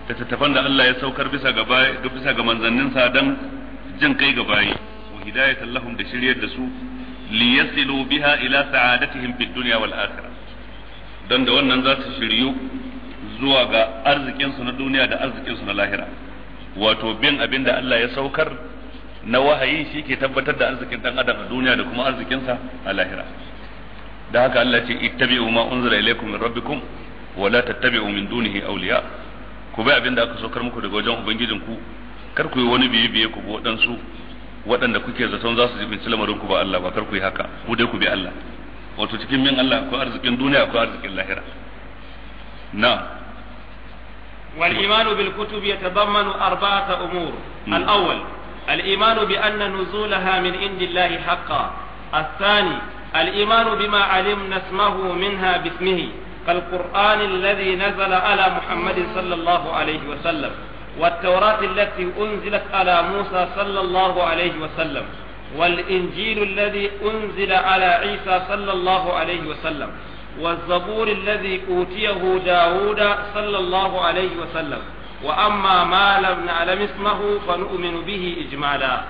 tattafan da Allah ya sauka bisa ga bisa manzanninsa dan jin kai ga bayi wa hidayatan lahum da shiryar da su liyasilu biha ila sa'adatihim fid dunya wal da wannan za su shiryu zuwa ga arzikin su na duniya da arzikinsu na lahira wato bin abinda Allah ya saukar na wahayi shi ke tabbatar da arzikin dan adam a duniya da kuma arzikinsa a lahira da haka Allah ce ittabi'u ma unzila ilaykum min rabbikum wa la tattabi'u min dunihi awliya ku bi abinda aka sokar muku daga wajen ubangijin ku kar ku yi wani biye biye ku bi waɗansu waɗanda kuke zaton za su ji bin lamarin ku ba Allah ba kar ku yi haka ku dai ku bi Allah wato cikin min Allah akwai arzikin duniya akwai arzikin lahira na والإيمان بالكتب يتضمن أربعة أمور الأول الإيمان بأن نزولها من عند الله حقا الثاني الإيمان بما علمنا اسمه منها باسمه كالقرآن الذي نزل على محمد صلى الله عليه وسلم والتوراة التي أنزلت على موسى صلى الله عليه وسلم والإنجيل الذي أنزل على عيسى صلى الله عليه وسلم والزبور الذي أوتيه داود صلى الله عليه وسلم وأما ما لم نعلم اسمه فنؤمن به إجمالا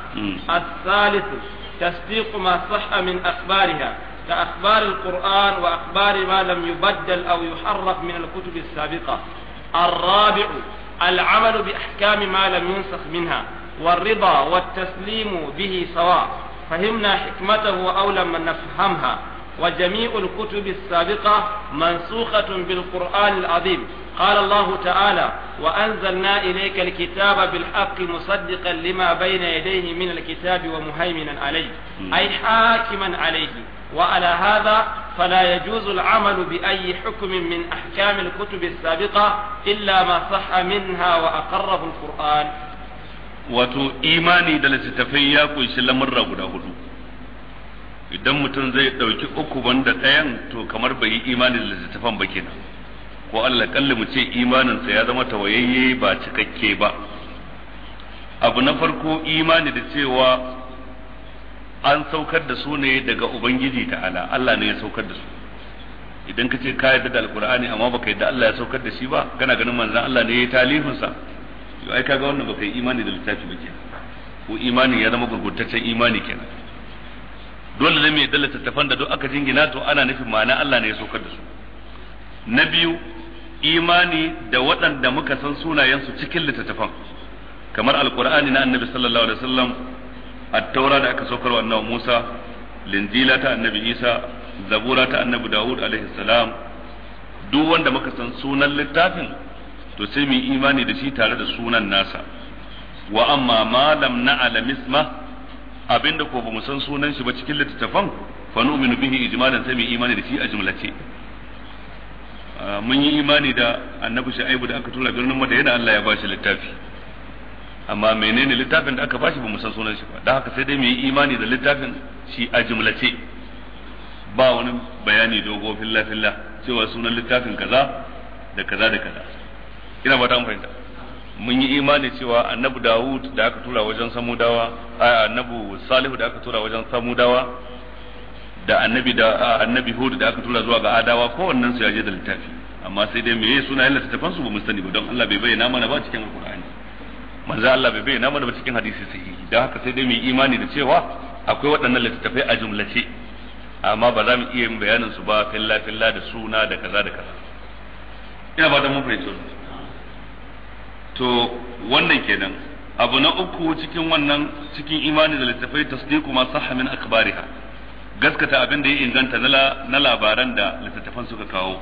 الثالث تصديق ما صح من أخبارها كأخبار القرآن وأخبار ما لم يبدل أو يحرف من الكتب السابقة الرابع العمل بأحكام ما لم ينسخ منها والرضا والتسليم به سواء فهمنا حكمته أو لم نفهمها وجميع الكتب السابقة منسوخة بالقرآن العظيم قال الله تعالى وأنزلنا إليك الكتاب بالحق مصدقا لما بين يديه من الكتاب ومهيمنا عليه أي حاكما عليه وعلى هذا فلا يجوز العمل بأي حكم من أحكام الكتب السابقة إلا ما صح منها وأقره القرآن وتو إيماني da littattafai كويس kunshi lamarra guda idan mutum zai ɗauki uku banda ɗayan to kamar bai yi imanin littattafan ba kenan ko Allah kalli mu ce imaninsa ya zama tawayayye ba cikakke ba abu na farko imani da cewa an saukar da su ne daga ubangiji ta'ala Allah ne ya saukar da su idan ka ce ka yarda da alkur'ani amma baka yarda Allah ya saukar da shi ba kana ganin manzon Allah ne ya talifin sa to ai kaga wannan baka yi imani da littafi ba kenan ko imani ya zama gurgurtaccen imani kenan dole ne mai dalla tattafan da duk aka jingina to ana nufin ma'ana Allah ne ya saukar da su na biyu imani da waɗanda muka san su cikin littattafan kamar alkur'ani na annabi sallallahu alaihi wasallam at-taura da aka saukar wa annabi Musa linjila ta annabi Isa zabura ta annabi Dawud alaihi salam duk wanda muka san sunan littafin to sai mu imani da shi tare da sunan nasa wa amma ma lam na'lam isma abinda ko bamu san sunan shi ba cikin littattafan fa nu'minu bihi ijmalan sai mu imani da shi a jumlace mun yi imani da annabi aibu da aka tura birnin yana Allah ya bashi littafi amma menene littafin da aka bashi bamu san sunan shi ba dan haka sai dai mu yi imani da littafin shi a jumlace ba wani bayani dogo filla filla cewa sunan littafin kaza da kaza da kaza ina ba ta fahimta mun yi imani cewa annabu Dawud da aka tura wajen Samudawa annabu Salihu da aka tura wajen Samudawa da annabi da annabi Hud da aka tura zuwa ga Adawa kowannen su ya je da littafi amma sai dai meye sunayen littafan su ba mu sani ba don Allah bai bayyana mana ba cikin Alkur'ani manzo Allah bai bayyana mana ba cikin hadisi sahihi dan haka sai dai mu yi imani da cewa akwai waɗannan littafai a jumlace amma ba za mu iya yin bayanin su ba filla filla da suna da kaza da kaza ina ba da mun fahimci to wannan kenan abu na uku cikin wannan cikin imani da littafai tasdiqu ma sahha min akhbariha gaskata abin da ya inganta na labaran da littattafan suka kawo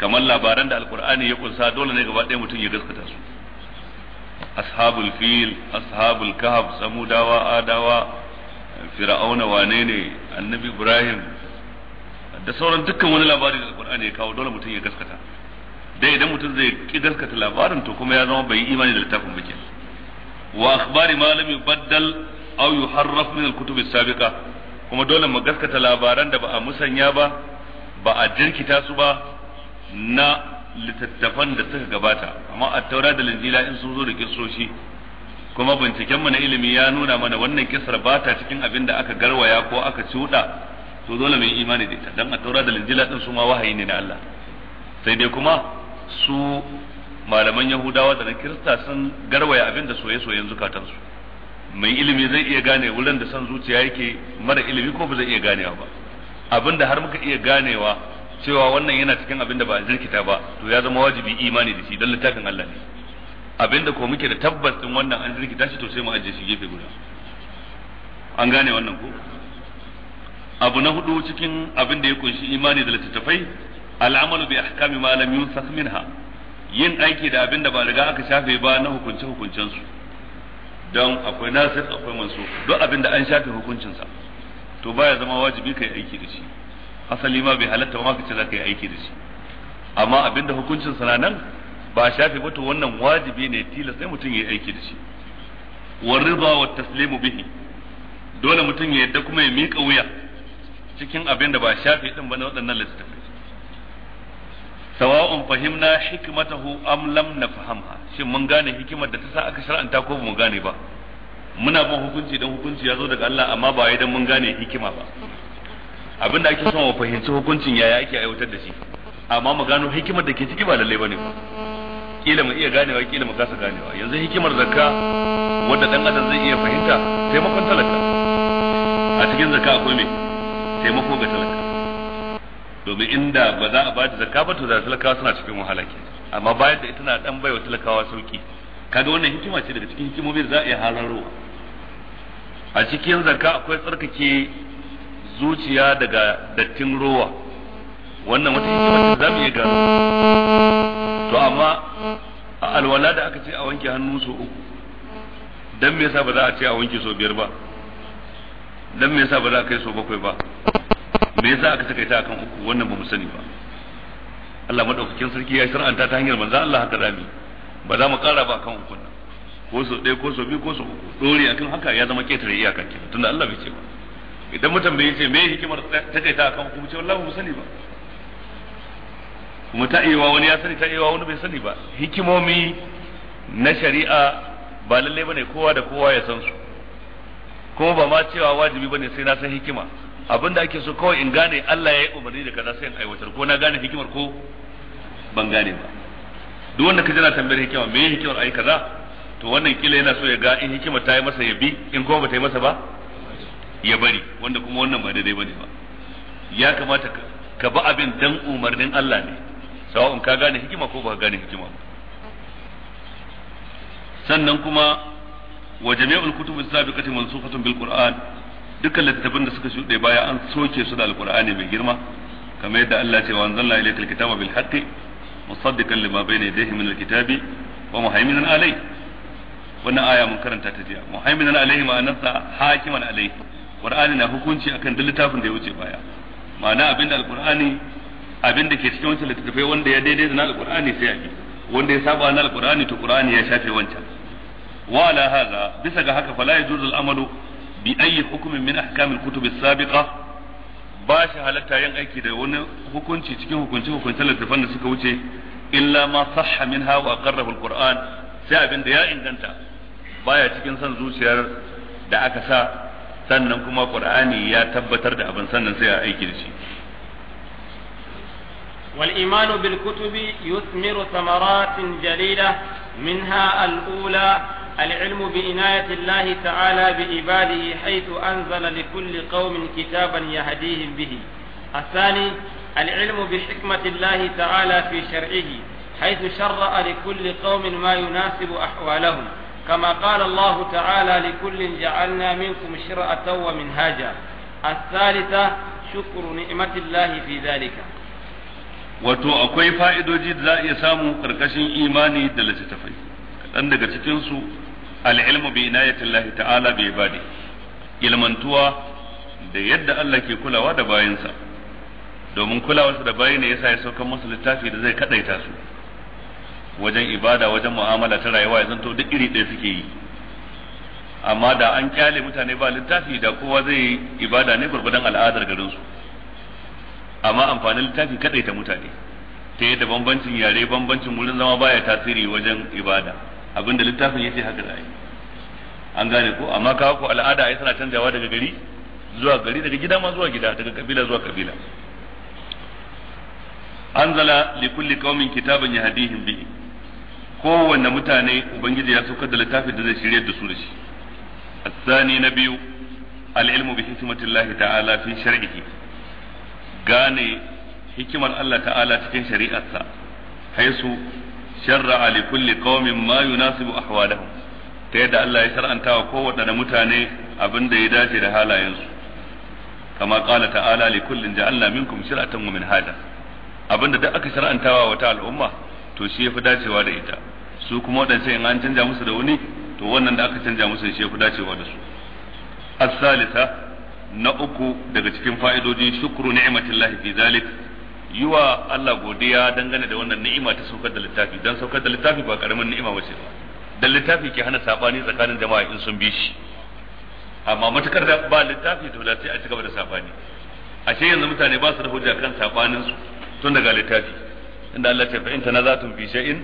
kamar labaran da alkur'ani ya kunsa dole ne gaba ɗaya mutum ya gaskata su ashabul fil ashabul kahf samudawa adawa fir'auna wane ne annabi ibrahim da sauran dukkan wani labari da alkur'ani ya kawo dole mutum ya gaskata dai idan mutum zai ki gaskata labarin to kuma ya zama bai imani da littafin ba wa akhbari ma lam yubaddal aw yuharraf min al-kutub as-sabiqa kuma dole mu gaskata labaran da ba a musanya ba ba a jirkita su ba na littattafan da suka gabata amma at-taura da linjila in sun zo da kissoshi kuma bincikenmu na ilimi ya nuna mana wannan kisar ba ta cikin abin da aka garwaya ko aka cuɗa to dole mu yi imani da ita dan at-taura da linjila din su ma wahayi ne na Allah sai dai kuma su malaman yahudawa da na kirista sun garwaya abin da soye-soyen zukatansu mai ilimi zai iya gane wurin da son zuciya yake mara ilimi ko ba zai iya ganewa ba abin da har muka iya ganewa cewa wannan yana cikin abin da ba a jirkita ba to ya zama wajibi imani da shi don littafin Allah ne abin da ko muke da tabbas din wannan an jirkita shi to sai mu ajiye shi gefe guda an gane wannan ko abu na hudu cikin abin da ya kunshi imani da littattafai al'amalu bi ahkami ma lam yunsakh minha yin aiki da abin da ba riga aka shafe ba na hukunce hukuncen su don akwai nasir akwai mansu duk abin da an shafe hukuncin sa to baya zama wajibi kai aiki da shi asali ma bai halatta ba kace za ka yi aiki da shi amma abin da hukuncin sa nan ba shafe ba to wannan wajibi ne tilas sai mutum ya yi aiki da shi riba wa taslimu bihi dole mutum ya yadda kuma ya miƙa wuya cikin abin da ba shafe din ba na waɗannan littattafai sawa'un fahimna hikmatahu am lam nafhamha shin mun gane hikimar da ta sa aka shar'anta ko mu gane ba muna bin hukunci dan hukunci ya zo daga Allah amma ba wai dan mun gane hikima ba abinda ake son mu fahimci hukuncin yaya ake aiwatar da shi amma mu gano hikimar da ke ciki ba lalle bane ba kila mu iya ganewa kila mu kasa ganewa yanzu hikimar zakka wanda dan adam zai iya fahimta taimakon talaka a cikin zakka akwai me taimako ga talaka domin inda ba za a bada zakka ba to da talakawa suna cikin wahala ke amma bayan da ita na dan baiwa talakawa sauki kaga wannan hikima ce daga cikin hikimomin za a iya hararowa a cikin zakka akwai tsarkake zuciya daga dattin rowa wannan wata hikima ce za mu iya gano to amma a alwala da aka ce a wanke hannu so uku dan me yasa ba za a ce a wanke so biyar ba dan me yasa ba za a kai so bakwai ba me yasa aka takaita akan uku wannan ba mu sani ba Allah madaukakin sarki ya shar'anta ta hanyar manzo Allah haka rami ba za mu kara ba kan uku nan ko so ɗaya ko so biyu ko so uku dore akan haka ya zama ketare iyakar kenan tunda Allah bai ce ba idan mutum bai ce me hikimar takaita akan uku mu ce wallahi mu sani ba kuma ta iya wani ya sani ta iya wani bai sani ba hikimomi na shari'a ba lallai bane kowa da kowa ya san su kuma ba ma cewa wajibi bane sai na san hikima abin da ake so kawai in gane Allah ya yi umarni da kaza sai in aiwatar ko na gane hikimar ko ban gane ba duk wanda ka jira tambayar hikima me hikimar ai kaza to wannan kila yana so ya ga in hikimar ta yi masa ya bi in kuma ba ta yi masa ba ya bari wanda kuma wannan ba daidai bane ba ya kamata ka ba abin dan umarnin Allah ne sawa'un ka gane hikima ko ba gane hikima ba sannan kuma wa jami'ul kutubi sabiqati mansukhatun bil qur'an dukkan littattafan da suka shuɗe baya an soke su da alkur'ani mai girma kamar yadda Allah ce wa anzalna ilaykal kitaba bil haqqi musaddiqan lima bayna yadayhi min alkitabi wa muhaiminan alayhi wannan aya mun karanta ta jiya muhaiminan alayhi ma'anarsa hakiman alayhi qur'ani na hukunci akan duk littafin da ya wuce baya ma'ana abinda alqur'ani abinda ke cikin wancan littattafai wanda ya daidai da na alqur'ani sai a bi wanda ya saba na alkur'ani to qur'ani ya shafe wancan wa ala hadha bisa ga haka fala yajuzu al-amalu bi hukumin min ahkamil kutub as-sabiqa ba halatta yin aiki da wani hukunci cikin hukunci hukuncin littafan da suka wuce illa ma sahha minha wa aqarrahu al-qur'an sai abin da ya inganta baya cikin san zuciyar da aka sa sannan kuma qur'ani ya tabbatar da abin sannan sai a aiki da shi والإيمان بالكتب يثمر ثمرات جليلة منها al'ula. العلم بإناية الله تعالى بإباده حيث أنزل لكل قوم كتابا يهديهم به الثاني العلم بحكمة الله تعالى في شرعه حيث شرع لكل قوم ما يناسب أحوالهم كما قال الله تعالى لكل جعلنا منكم شرعة ومنهاجا الثالثة شكر نعمة الله في ذلك wato akwai fa'idoji da za a iya samu ƙarƙashin imani da littattafai kaɗan daga cikinsu al-ilmu bi inayatillahi ta'ala bi ibadi ilmantuwa da yadda Allah ke kulawa da bayinsa domin kulawarsa da bayi ne yasa ya saukan musu littafi da zai kadaita su wajen ibada wajen mu'amala ta rayuwa ya zanto duk iri ɗaya suke yi amma da an kyale mutane ba littafi da kowa zai yi ibada ne gurgudan al'adar garinsu amma amfanin littafi kadaita mutane ta yadda bambancin yare bambancin wurin zama baya tasiri wajen ibada abinda littafin yace haka za a yi an gane ko amma kawo ko al'ada ai suna canjawa daga gari zuwa gari daga gida ma zuwa gida daga kabila zuwa kabila anzala li kulli qaumin kitaban yahdihim bi kowanne mutane ubangiji ya saukar da littafin da zai shiryar da su da shi الثاني نبي العلم بحكمة الله ta'ala fi shar'ihi gane hikimar Allah ta'ala cikin shari'arsa haisu shar'a li kulli qaumin ma yunasibu ahwalahum ta yadda Allah ya shar'anta wa kowaɗanne mutane abin da ya dace da halayen su kama qala ta'ala li kullin ja'alna minkum shir'atan wa minhaja abinda duk aka shar'antawa wata al'umma to shi yafi dacewa da ita su kuma waɗancan in an canja musu da wani to wannan da aka canja musu shi yafi dacewa da su as-salisa na uku daga cikin fa'idojin shukru ni'matillahi fi zalik yi wa Allah godiya dangane da wannan ni'ima ta saukar da littafi don saukar da littafi ba karamin ni'ima wace ba da littafi ke hana sabani tsakanin jama'a in sun bi shi amma matukar da ba littafi to da sai a cigaba da sabani a ce yanzu mutane ba su da hujja kan sabanin su tun daga littafi inda Allah ce fa in tanazatum fi shay'in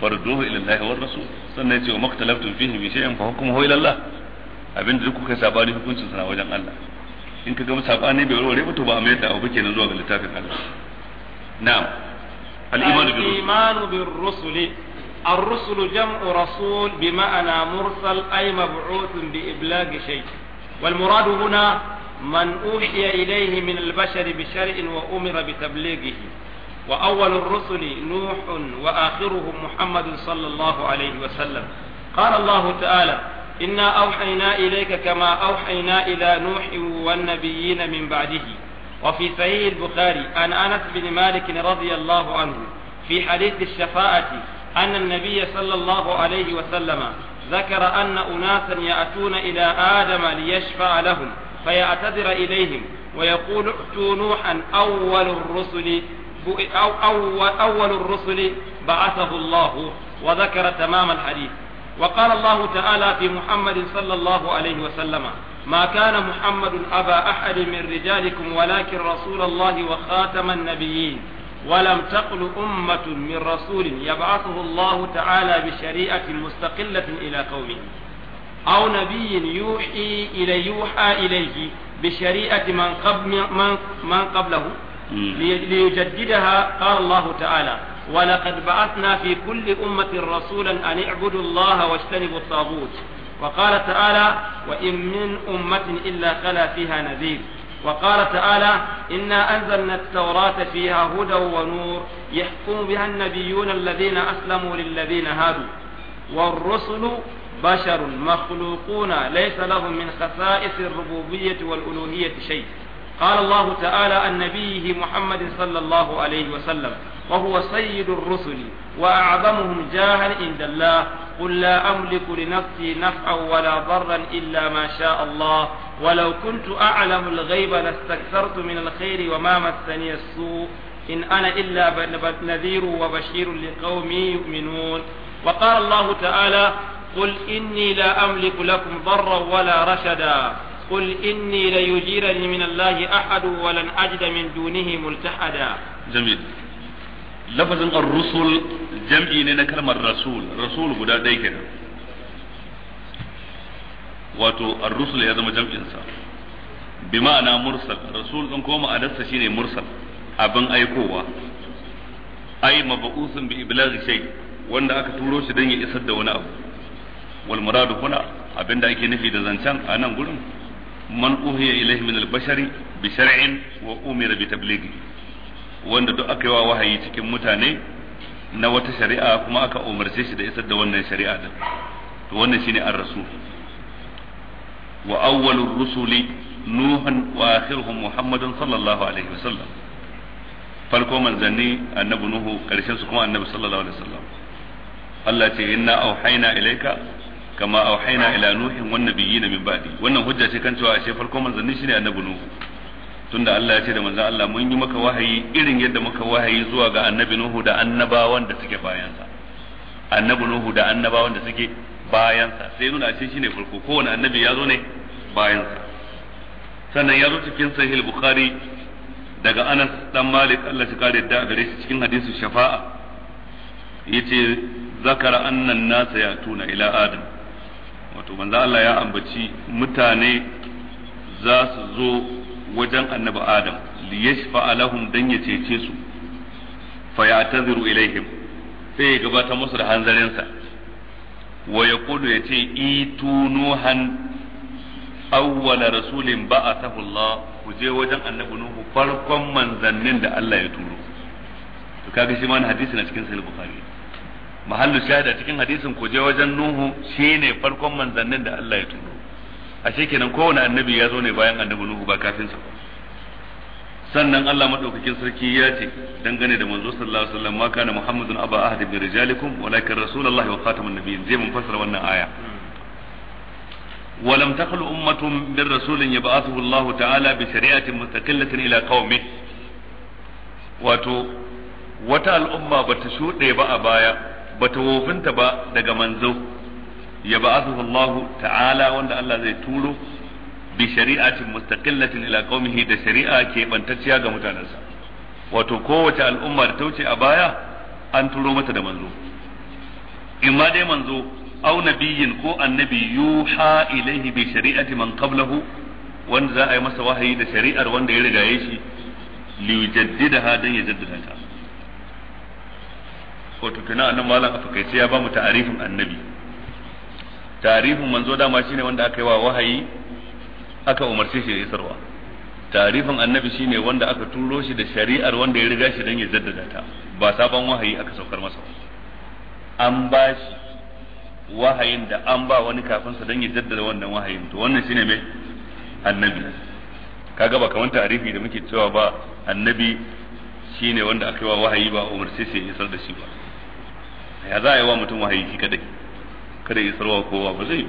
farduhu ila Allah wa rasul sannan ce wa maktalaftum fihi bi shay'in fa hukmuhu ila Allah abin da duk kuka sabani hukuncin sa wajen Allah in ka gama sabani bai warware ba to ba a mai da abu kenan zuwa ga littafin Allah na'am al-imanu bil imanu bir rusuli الرسل جمع رسول بمعنى مرسل أي مبعوث بإبلاغ شيء والمراد هنا من أوحي إليه من البشر بشرع وأمر بتبليغه وأول الرسل نوح وآخرهم محمد صلى الله عليه وسلم قال الله تعالى إنا أوحينا إليك كما أوحينا إلى نوح والنبيين من بعده وفي صحيح البخاري عن أنس بن مالك رضي الله عنه في حديث الشفاعة أن النبي صلى الله عليه وسلم ذكر أن أناسا يأتون إلى آدم ليشفع لهم فيعتذر إليهم ويقول ائتوا نوحا أول الرسل أو أول, أول الرسل بعثه الله وذكر تمام الحديث وقال الله تعالى في محمد صلى الله عليه وسلم ما كان محمد أبا أحد من رجالكم ولكن رسول الله وخاتم النبيين ولم تقل أمة من رسول يبعثه الله تعالى بشريعة مستقلة إلى قومه أو نبي يوحي إلى يوحى إليه بشريعة من, قبل من, من قبله ليجددها قال الله تعالى ولقد بعثنا في كل أمة رسولا أن اعبدوا الله واجتنبوا الطاغوت وقال تعالى وإن من أمة إلا خلا فيها نذير وقال تعالى إنا أنزلنا التوراة فيها هدى ونور يحكم بها النبيون الذين أسلموا للذين هادوا والرسل بشر مخلوقون ليس لهم من خصائص الربوبية والألوهية شيء قال الله تعالى عن نبيه محمد صلى الله عليه وسلم وهو سيد الرسل وأعظمهم جاها عند الله قل لا أملك لنفسي نفعا ولا ضرا إلا ما شاء الله ولو كنت أعلم الغيب لاستكثرت من الخير وما مسني السوء إن أنا إلا نذير وبشير لقوم يؤمنون وقال الله تعالى قل إني لا أملك لكم ضرا ولا رشدا قل إني ليجيرني من الله أحد ولن أجد من دونه ملتحدا جميل لفظ الرسل جمعي لنا كلمة الرسول رسول قد ديك واتو الرسل هذا ما جمع إنسان بمعنى مرسل رسول أنكم أدرس شيني مرسل أبن أيكوا أي مبعوث بإبلاغ شيء wanda aka turo shi don ya isar da wani abu wal muradu kuna abinda ake nufi da zancen a nan gurin man uhiya ilaihi min al-bashari bi shar'in wa umira bi tablighi wanda duk aka yi wa wahayi cikin mutane na wata shari'a kuma aka umarce shi da isar da wannan shari'a din to wannan shine ar-rasul wa awwalur rusuli nuhan wa akhiruhum muhammadun sallallahu alaihi wasallam farko manzanni annabi nuhu karshen su kuma annabi sallallahu alaihi wasallam Allah ce inna auhayna ilayka kama auhayna ila nuhin wan nabiyyin min ba'di wannan hujja ce kan cewa ashe farkon manzanni shine annabi nuhu tunda Allah ya ce da manzon Allah mun yi maka wahayi irin yadda muka wahayi zuwa ga annabi nuhu da annabawan da suke bayansa annabi nuhu da annabawan da suke bayansa sai nuna ashe shine farko kowane annabi ya zo bayansa sannan cikin bukhari daga Anas dan Malik Allah shi kare da gare shi cikin hadisin shafa'a yace zakara annan nasa tuna ila adam wato manzo Allah ya ambaci mutane za su zo wajen annabi adam li yashfa lahum dan ya cece su fa ya'tadiru ilaihim sai ya gabata musu da hanzarinsa wa yaqulu yace nuhan awwal rasulin ba'athahu Allah ku je wajen annabi nuhu farkon manzannin da Allah ya turo to kaga shi ma hadisi na cikin sahih bukhari mahallu shahada cikin hadisin ku je wajen nuhu shine farkon manzannin da Allah ya turo ashe kenan kowane annabi ya zo ne bayan annabi nuhu ba kafin sa sannan Allah madaukakin sarki ya ce dangane da manzo sallallahu alaihi wasallam ma kana muhammadun aba ahad min rijalikum walakin rasulullahi wa khatamun nabiyyin zai mun fassara wannan aya ولم تخل أمة من رسول يبعثه الله تعالى بشريعة مستقلة إلى قومه wato wata al'umma ba ta shuɗe ba a baya bata wofinta ba daga manzo ya ba'athu Allah ta'ala wanda Allah zai turo bi shari'atin mustaqillatin ila qaumihi da shari'a ke bantacciya ga mutanensa wato kowace al'umma da ta wuce a baya an turo mata da manzo in ma dai manzo aw nabiyyin ko annabi yuha ilaihi bi shari'ati man qablahu wanda za a yi masa wahayi da shari'ar wanda ya rigaye shi liyujaddidaha dan ya jaddada ta wato tuna annan malam a sai ya ba mu ta'arifin annabi ta'arifin manzo dama shine wanda aka yi wa wahayi aka umarce shi ya isarwa ta'arifin annabi shine wanda aka turo shi da shari'ar wanda ya riga shi dan ya jaddada ta ba sabon wahayi aka saukar masa an ba shi wahayin da an ba wani kafin sa dan ya jaddada wannan wahayin to wannan shine mai annabi kaga ba kamar ta'arifi da muke cewa ba annabi shine wanda aka yi wa wahayi ba umarce shi ya isar da shi ba ya za a yi wa mutum wahayi shi kadai kada ya sarwa kowa ba zai yi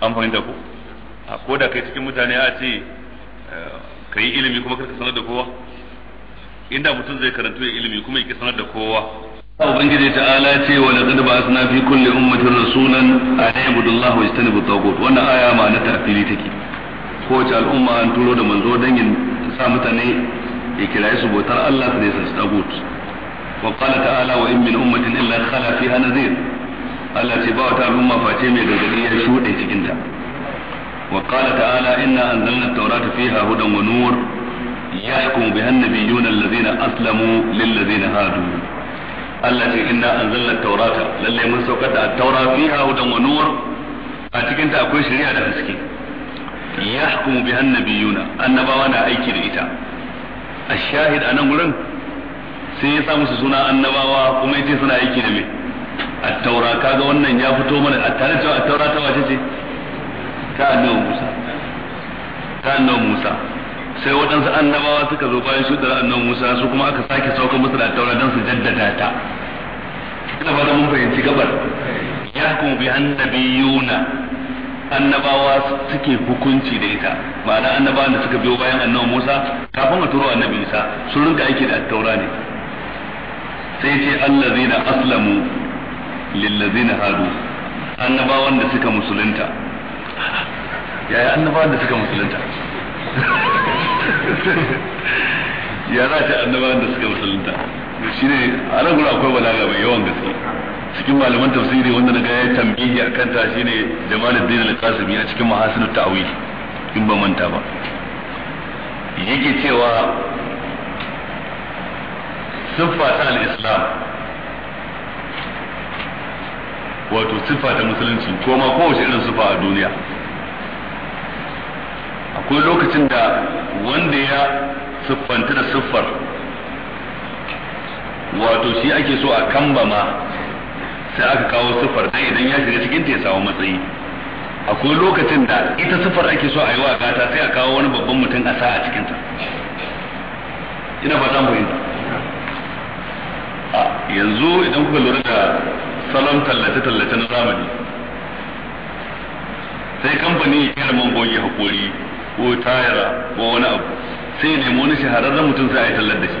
an fahimta ko a ko da kai cikin mutane a ce eh, ka yi ilimi kuma karka sanar da kowa inda mutum zai karantu ya ilimi kuma yake sanar da kowa ubangiji ta'ala ce wa laqad ba'athna fi kulli ummatin rasulan an ya'budu Allah wa yajtanibu taghut wannan aya ma'ana ta fili take kowace al'umma an turo da manzo dan yin sa mutane ya kiraye su bautar Allah su ne su taghut وقال تعالى وإن من أمة إلا خلا فيها نذير Allah ce ba wata al'umma mai gargadi ya shuɗe cikinta wa qala ta'ala inna anzalna at-taurata fiha hudan wa nur yahkumu biha an-nabiyyuna alladhina aslamu lil ladzina hadu Allah ce inna anzalna at-taurata lalle mun saukar da at-taura fiha hudan wa a cikinta akwai shari'a da haske yahkumu biha annabawa na aiki da ita ash a nan gurin sai ya sa musu suna annabawa kuma ya ce suna aiki da mai a taura kaga wannan ya fito mana a tare cewa a taura ta wace ce ta annabi Musa ta annabi Musa sai waɗansu annabawa suka zo bayan su da annabi Musa su kuma aka sake sauka musu da taura don su jaddada ta ina fata mun fahimci gabar ya kuma bi annabiyuna annabawa suke hukunci da ita ma'ana Annabawa da suka biyo bayan annabawa Musa kafin a turo annabi Isa sun rinka aiki da at-taura ne sai ce allazina aslamu lillazina hadu annabawan da suka musulunta yaya annabawan da suka musulunta ya za ta annabawan da suka musulunta shi ne a nan akwai balaga mai yawan gaske cikin malaman tafsiri wanda na gaya ya tambihi a kanta shi ne jamaluddin al-qasim ya cikin mahasinu ta'awi in ba manta ba yake cewa siffa ta al-islam wato siffa ta musulunci ko ma kowace irin siffa a duniya akwai lokacin da wanda ya siffanta da siffar wato shi ake so a kambama sai aka kawo siffar dan idan ya shiga cikin ta ya samu matsayi akwai lokacin da ita siffar ake so a yi wa gata sai a kawo wani babban mutum a sa a cikinta ina ba zan fahimta yanzu idan kuka lura da salon tallace-tallace na zamani sai kamfani ya kira man goge haƙori ko tayara ko wani abu sai nemi wani shahararren mutum sai a yi tallar da shi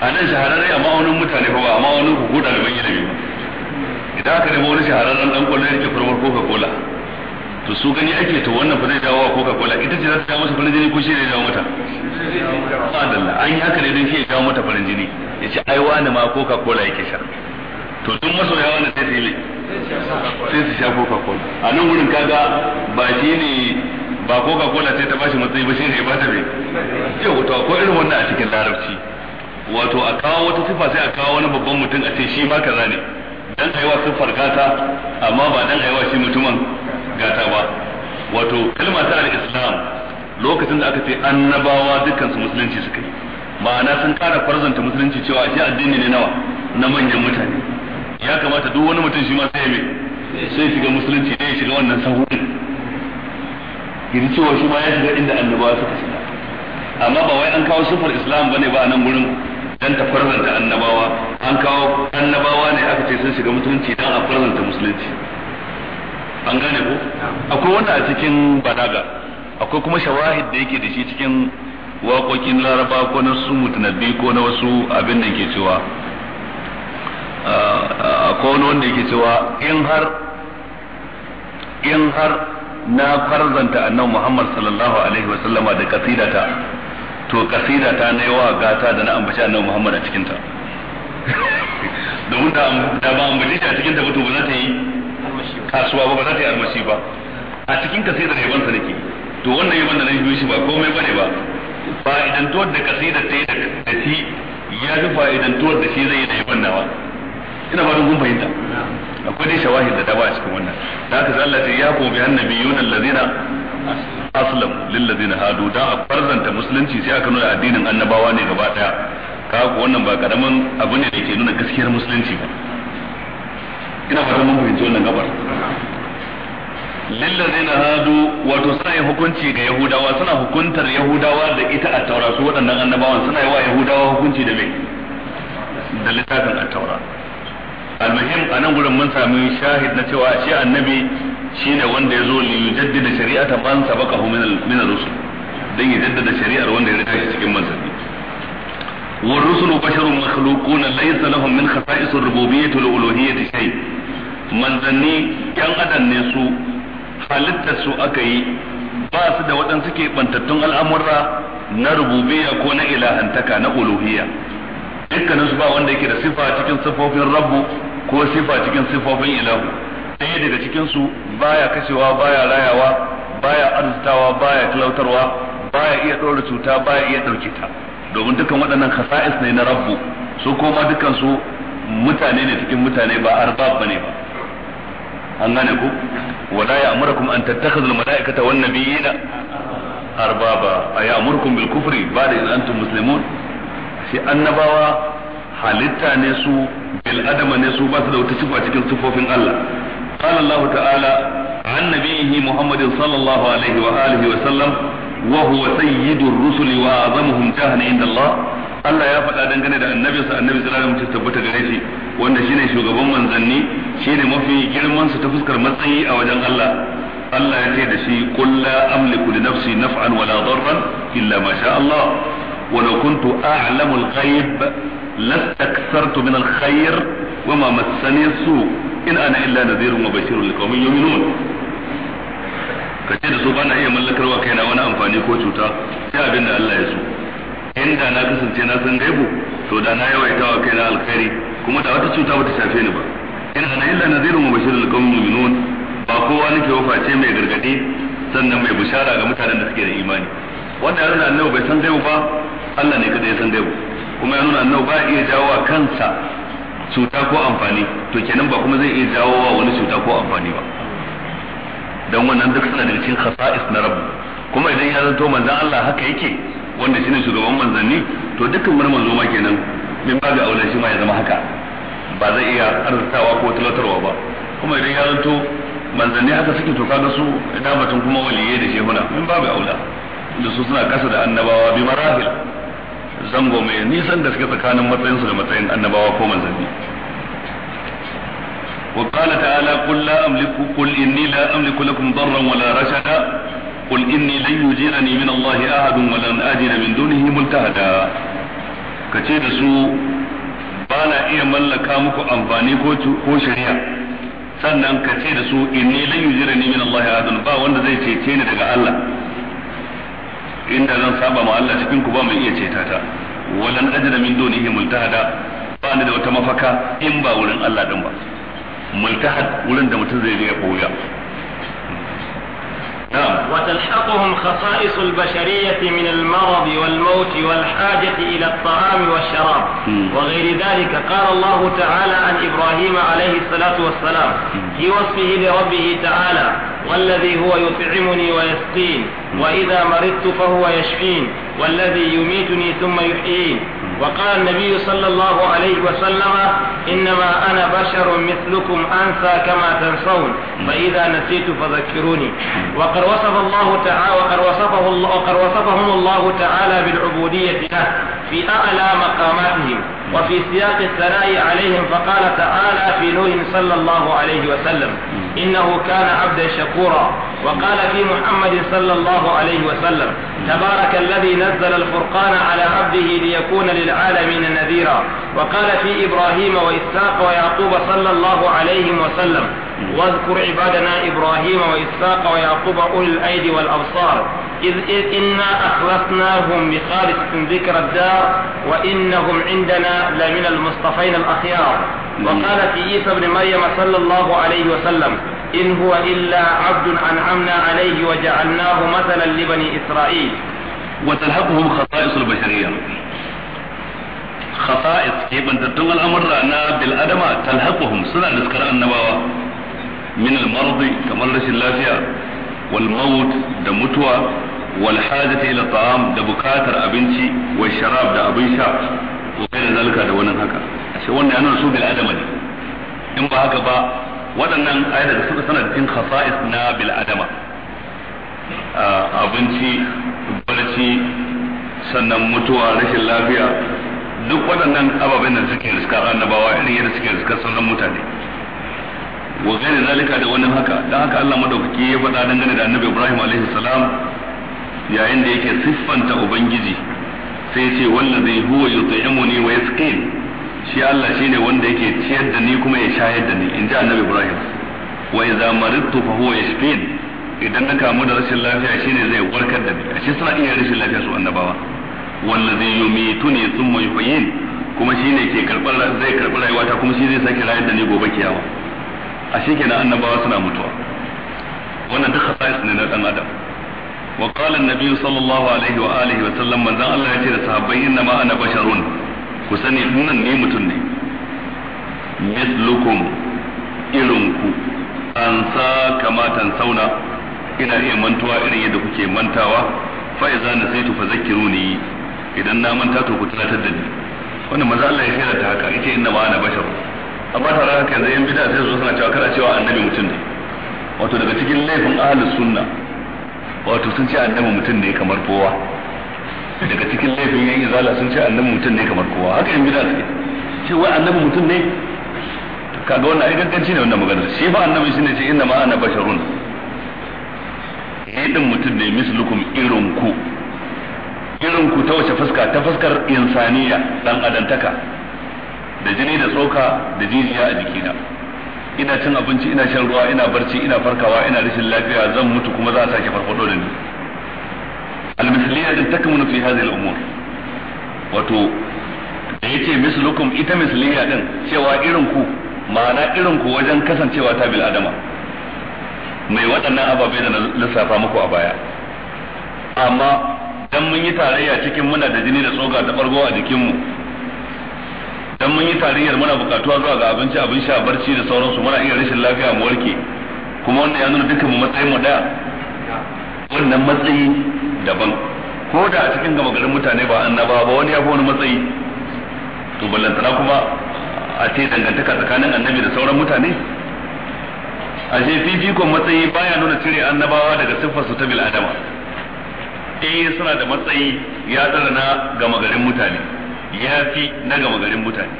a nan shahararren a ma'aunin mutane ba a ma'aunin da ko ɗaliban biyu idan aka nemi wani shahararren dan kwallon yake farmar coca cola to su gani ake to wannan fa zai dawo wa coca cola ita ce za ta dawo masa farin jini ko shi zai dawo mata adalla an yi haka ne don shi ya dawo mata farin jini ya ce ai wani ma coca cola yake sha to duk masoya wani sai su yi sai su sha coca cola a nan wurin kaga ba shi ne ba coca cola sai ta bashi matsayi ba shi ne ba ta bai yau to akwai irin wannan a cikin larabci wato a kawo wata sifa sai a kawo wani babban mutum a ce shi ma kaza ne dan aiwa sun farkata amma ba dan aiwa shi mutumin gata ba wato kalma ta al-islam lokacin da aka ce annabawa dukkan su musulunci suka yi ma'ana sun kara farzanta musulunci cewa shi addini ne nawa na manyan mutane ya kamata duk wani mutum shi ma sai me sai shiga musulunci ne ya shiga wannan sahu din cewa shi ma ya shiga inda annabawa suka shiga amma ba wai an kawo sufar islam bane ba a nan gurin dan ta farzanta annabawa an kawo annabawa ne aka ce sun shiga musulunci dan a farzanta musulunci an gane ko akwai wanda a cikin balaga akwai kuma shawahid da yake da shi cikin waƙoƙin laraba ko na su mutunabbi ko na wasu abin da ke cewa akwai wani wanda yake cewa in har in har na farzanta annabi Muhammad sallallahu alaihi wa sallama da kasidata to kasidata na yawa gata da na ambaci annabi Muhammad a cikinta domin da ba ambaci ta cikinta ba to ba za ta yi kasuwa ba ba za ta yi armashi ba a cikin da yaban sa nake to wannan yaban da na yi shi ba komai bane ba fa'idantuwar da kasidar ta yi da shi ya fi fa'idantuwar da shi zai yi da yaban nawa ina ba kun fahimta akwai dai shawahi da daba a cikin wannan da aka Allah ce ya kuma bi annabiyuna allazina aslam lil ladina hadu da a farzanta musulunci sai aka nuna addinin annabawa ne gaba daya kaga wannan ba karamin abu ne da ke nuna gaskiyar musulunci ba ina fara mun fahimci wannan gabar lillazina hadu wato suna yin hukunci ga yahudawa suna hukuntar yahudawa da ita a taura su waɗannan annabawan suna yi wa yahudawa hukunci da mai da littafin a taura almuhim a nan gurin mun sami shahid na cewa shi annabi shine wanda ya zo li yujaddida shari'ata man sabaqahu min min rusul dan ya jaddada shari'ar wanda ya rika cikin manzanni والرسل بشر مخلوقون ليس لهم من خصائص الربوبية والألوهية شيء من ذني كان أدن نسو halittar su aka yi ba su da waɗansu ke bantattun al'amurra na rububiyya ko na ilahantaka na uluhiyya dukkanin su ba wanda yake da sifa cikin sifofin rabbu ko sifa cikin sifofin ilahu ɗaya daga cikinsu baya kashewa baya rayawa baya arzutawa baya talautarwa baya iya ɗora cuta baya iya ɗaukita. domin dukan waɗannan khasa'is ne na rabbu su kuma dukan su mutane ne cikin mutane ba arbab bane ba an gane ku wala ya'murukum an tattakhidul malaikata wan nabiyina arbaba ay ya'murukum bil kufri ba'da in antum muslimun shi annabawa halitta ne su bil adama ne su ba su da wata sifa cikin sifofin Allah qala Allah ta'ala an nabiyhi Muhammadin sallallahu alaihi wa alihi wa sallam wa huwa sayyidur rusuli wa azamuhum jahan inda Allah Allah ya faɗa dangane da annabinsa annabi sallallahu alaihi wasallam tabbata gare shi wanda shine shugaban manzanni shine mafi girman su ta fuskar matsayi a wajen Allah Allah ya ce da shi qul la amliku li nafsi naf'an wala darran illa ma sha Allah ولو كنت أعلم الغيب لاستكثرت من الخير وما مسني السوء إن أنا إلا نذير وبشير لقوم ka ce da su ba na iya mallakarwa kaina wani amfani ko cuta sai abin da Allah ya so inda na kasance na san gaibu to da na yawaita wa kaina alkhairi kuma da wata cuta bata shafe ni ba ina na illa nazirun wa bashirul qawmin mu'minun ba kowa nake waface mai gargadi sannan mai bushara ga mutanen da suke da imani wanda ya nuna annabi bai san gaibu ba Allah ne kada ya san gaibu kuma ya nuna annabi ba iya jawo kansa cuta ko amfani to kenan ba kuma zai iya jawo wa wani cuta ko amfani ba don wannan duk suna daga cikin khasa'is na rabu kuma idan ya zanto manzan Allah haka yake wanda shine shugaban manzanni to dukkan mun manzo ma kenan min ba ga aure shi ma ya zama haka ba zai iya arzikawa ko talatarwa ba kuma idan ya zanto manzanni haka suke to kaga su idan batun kuma waliye da shehuna min ba ga aula da su suna kasa da annabawa bi marahil zango mai nisan da suke tsakanin matsayinsu da matsayin annabawa ko manzanni وقال تعالى قل لا أملك قل إني لا أملك لكم ضرا ولا رشدا قل إني لن يجيرني من الله أحد ولن أجد من دونه ملتهدا كتير سوء بانا إيه ملكا مكو أنفاني كو شريع sannan ka ce da su inni lan yujirani min Allah ahadun ba wanda zai cece daga Allah inda zan saba ma Allah cikin ku ba mai iya ceta ta walan ajra min dunihi multahada ba ni da wata mafaka in ba wurin Allah dan ba ملتحد ولن da mutum zai je ya وتلحقهم خصائص البشرية من المرض والموت والحاجة إلى الطعام والشراب وغير ذلك قال الله تعالى عن إبراهيم عليه الصلاة والسلام في وصفه لربه تعالى والذي هو يطعمني ويسقين وإذا مرضت فهو يشفين والذي يميتني ثم يحيين وقال النبي صلى الله عليه وسلم إنما أنا بشر مثلكم أنسى كما تنسون فإذا نسيت فذكروني وقد وصف الله تعالى وقد وصفه الله وقد وصفهم الله تعالى بالعبودية له في أعلى مقاماتهم وفي سياق الثناء عليهم فقال تعالى في نوح صلى الله عليه وسلم إنه كان عبدا شكورا وقال في محمد صلى الله عليه وسلم تبارك الذي نزل الفرقان على عبده ليكون للعالمين نذيرا وقال في إبراهيم وإسحاق ويعقوب صلى الله عليه وسلم واذكر عبادنا إبراهيم وإسحاق ويعقوب أولي الأيدي والأبصار إذ, إذ إنا أخلصناهم بخالصة ذكر الدار وإنهم عندنا لمن المصطفين الأخيار وقال في عيسى بن مريم صلى الله عليه وسلم إن هو إلا عبد أنعمنا عليه وجعلناه مثلا لبني إسرائيل وتلحقهم خصائص البشرية خصائص كيف أن تتم الأمر لأن بالأدمة تلحقهم سنة نذكر النبوة من المرض كمرش اللافية والموت دمتوى والحاجة إلى الطعام دبكاتر أبنشي والشراب دأبنشا وغير ذلك دون هكا أشياء وأن أنا رسول بالأدمة إن بهكا waɗannan a da suka sanar cikin khasa'is na bil'adama adama abinci barci sannan mutuwa rashin lafiya duk waɗannan ababen da suke riska annabawa irin yadda suke riska sauran mutane wa gani zalika da wannan haka dan haka Allah madaukaki ya faɗa dangane da annabi Ibrahim alaihi salam yayin da yake siffanta ubangiji sai ya ce wallazi huwa yut'imuni wa yasqini shi Allah shi ne wanda yake ciyar da ni kuma ya shayar da ni in ji annabi Ibrahim wa idza maridtu fa huwa yashfin idan na kamu da rashin lafiya shine zai warkar da ni a shi suna iya rashin lafiya su annabawa wallazi yumituni thumma yuhyin kuma shine ke karbar zai karbi rayuwata kuma shi zai sake rayar da ni gobe kiyawa a shi kenan annabawa suna mutuwa wannan duk khasa'is ne na dan adam wa qala an-nabi sallallahu alaihi wa alihi wa sallam manzon Allah ya ce da sahabbai inna ma ana basharun ku sani nan ni mutum ne mislukum irinku an sa kamatan sauna ina iya mantuwa irin yadda kuke mantawa fa iza nasaitu fa zakkiruni idan na manta to ku tunatar da ni wannan maza Allah ya shaida ta haka ita inna ma ana bashar amma tare haka yanzu yan bid'a sai su suna cewa kana cewa annabi mutum ne wato daga cikin laifin ahlus sunna wato sun ce annabi mutum ne kamar kowa daga cikin laifin yan izala sun ce annabi mutum ne kamar kowa haka yan bid'a suke ce wai annabi mutum ne kaga wannan ai gagganci ne wannan maganar shi ba annabi shine ce inna ma ana basharun idan mutum ne mislukum irin ku irin ku ta wace fuska ta fuskar insaniya dan adantaka da jini da tsoka da jijiya a jikina ina cin abinci ina shan ruwa ina barci ina farkawa ina rashin lafiya zan mutu kuma za a sake farfado da ni المثليه din تكمن fi هذه الامور وتو wato da yace mislukum ita misliya din cewa irin ku ma'ana irin ku wajen kasancewa ta bil adama mai waɗannan ababai da na lissafa muku a baya amma dan mun yi tarayya cikin muna da jini da tsoga da bargo a jikinmu dan mun yi tarayyar muna bukatuwa zuwa ga abinci abin sha barci da sauransu muna iya rashin lafiya mu warke kuma wannan ya nuna dukkan mu matsayin mu daya wannan matsayi daban ko da a cikin gama garin mutane ba annabawa ba wani ya fi wani matsayi to ballantana kuma a ce dangantaka tsakanin annabi da sauran mutane a ce fifikon matsayi baya nuna cire annabawa daga siffarsu ta bil'adama eh suna da matsayi ya tsara na gama garin mutane ya fi na gama garin mutane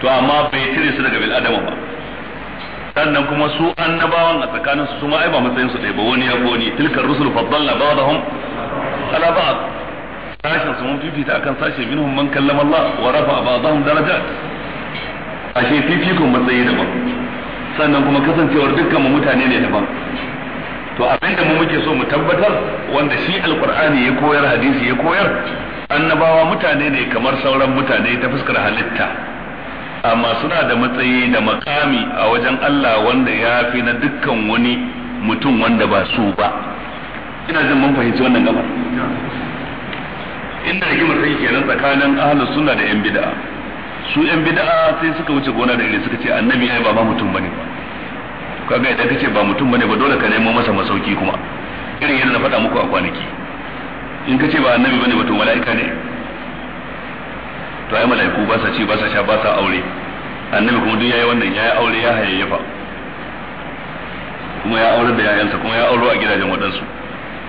to amma bai cire su daga bil'adama ba sannan kuma su annabawan a tsakanin su ma ai ba matsayin su ɗaya ba wani ya wani tilkar rusul faddalna ba'dahum ala ba sashin su mun fifita akan sashe minhum man kallama Allah wa rafa ba'dahum darajat ashe fifikon matsayi daban sannan kuma kasancewar dukkan mu mutane ne daban to abin da mu muke so mu tabbatar wanda shi alqur'ani ya koyar hadisi ya koyar annabawa mutane ne kamar sauran mutane ta fuskar halitta amma suna da matsayi da makami a wajen Allah wanda ya fi na dukkan wani mutum wanda ba su ba ina jin mun fahimci wannan gaba inda rigimar take kenan tsakanin ahlus sunna da yan bid'a su yan bid'a sai suka wuce gona da ire suka ce annabi ai ba ba mutum bane ba kaga idan kace ba mutum bane ba dole ka nemo masa masauki kuma irin yadda na faɗa muku a kwanaki in kace ba annabi bane ba to mala'ika ne to ai mala'iku ba sa ci ba sa sha ba sa aure annabi kuma duk yayi wannan yayi aure ya hayayyafa kuma ya aure da yayansa kuma ya aure a gidajen wadansu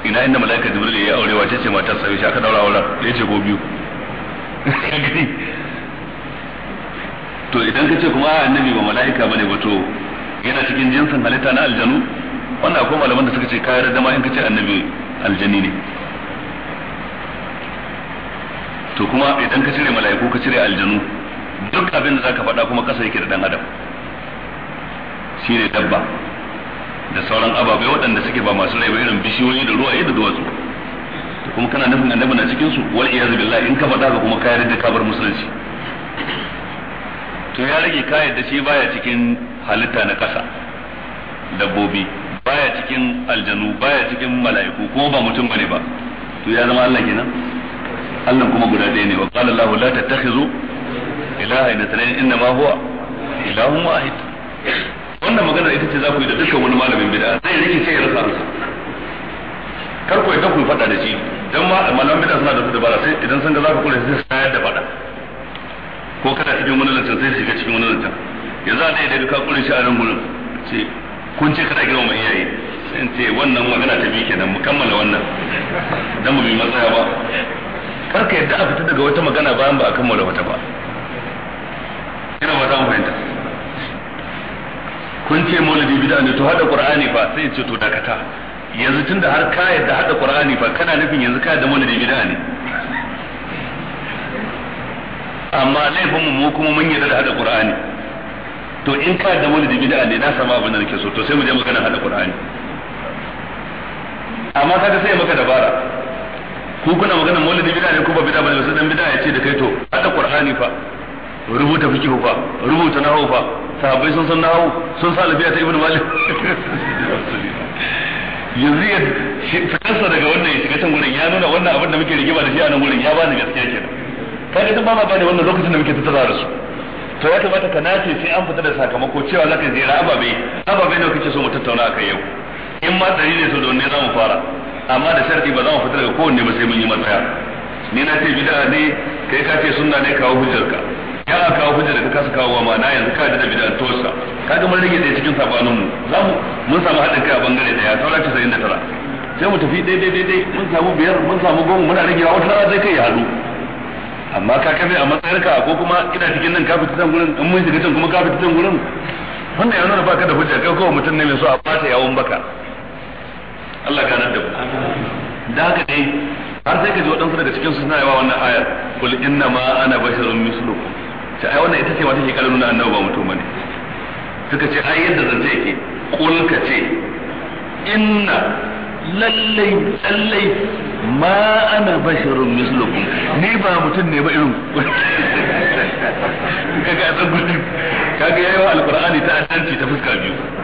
ina inda mala'ika jibril ya aure wace ce matar sa shi aka daura auren ya ce go biyu to idan ka ce kuma annabi ba mala'ika bane ba to yana cikin jinsin halitta na aljanu wannan akwai malaman da suka ce kayar da ma in ka ce annabi aljani ne to kuma idan ka cire mala'iku ka cire aljanu duk abin da zaka faɗa kuma kasa yake da dan adam shine dabba da sauran ababai waɗanda suke ba masu rai ba irin bishiyoyi da ruwaye da duwatsu to kuma kana nufin annabi na cikin su wal iyaz billahi in ka faɗa ka kuma ka yarda da kabar musulunci to ya rage ka yarda shi baya cikin halitta na ƙasa dabbobi baya cikin aljanu baya cikin mala'iku kuma ba mutum bane ba to ya zama Allah kenan Allah kuma guda ɗaya ne wa qala Allah la tattakhizu ilahan illa tanayn inna ma huwa ilahun wahid wannan magana ita ce za ku yi da dukkan wani malamin bid'a zai rike sai ya rasa kar ku idan ku faɗa da shi dan ma malamin bid'a suna da su dabara sai idan sun ga za ku kula sai su tayar da faɗa ko kana cikin wani lantan sai su shiga cikin wani lantan yanzu a ɗaya da duka kula shi a nan gudun ce kun ce kana girma iyaye sai in ce wannan magana ta bi kenan mu kammala wannan dan mu bi matsaya ba Karka yadda a fita daga wata magana bayan ba a kammala wata ba ina ba mu fahimta kun ce maulidi bid'a ne to hada qur'ani fa sai ce to dakata yanzu tunda har ka yadda hada qur'ani fa kana nufin yanzu ka yadda maulidi bid'a ne amma laifin mu mu kuma mun yadda da hada qur'ani to in ka yadda maulidi bid'a ne na sama abin da nake so to sai mu je magana hada qur'ani amma kaga sai maka dabara ku kuna magana maulidi bid'a ne ko ba bid'a bane sai dan bid'a ya ce da kai to hada qur'ani fa rubuta fiqh fa rubuta nahwu fa sahabbai sun san nahwu sun sa lafiya ta ibnu malik yanzu ya fitarsa daga wannan ya shiga can gurin ya nuna wannan abin da muke rigima da shi a nan gurin ya ba ni gaskiya kenan kaga duk ba ma gane wannan lokacin da muke tattara da su to ya kamata ka nace sai an fita da sakamako cewa zaka ziyara ababe ababe ne kake so mu tattauna akai yau in ma dari ne to da ne za mu fara amma da sharadi ba za mu fita daga kowanne ba sai mun yi matsaya ni na ce bid'a ne kai ka ce sunna ne kawo hujjarka ya ka kawo hujjar da ka kasa kawo ma na yanzu ka da bid'a to sa ga mun rage da cikin sabanin mu za mu mun samu hadin kai a bangare daya saura 99 sai mu tafi daidai daidai mun samu biyar mun samu goma muna rage wata rana zai kai ya haɗu amma ka kafe a matsayarka ko kuma ina cikin nan ka fita can gurin in mun shiga can kuma ka fita can gurin wannan ya nuna baka da hujja kai kawai mutum ne mai so a bata yawon baka Allah ganar da mu da haka ne har sai ka ji waɗansu daga cikin suna yawa wannan ayar kul inna ma ana basharun mislu ta ai wannan ita ce wata ke kalmar nuna annabi ba mutum bane suka ce ai yadda zance yake kul ka ce inna lallai lallai ma ana basharun mislu ni ba mutum ne ba irin kaga a tsangurin kaga yayi wa alqur'ani ta asanci ta fuska biyu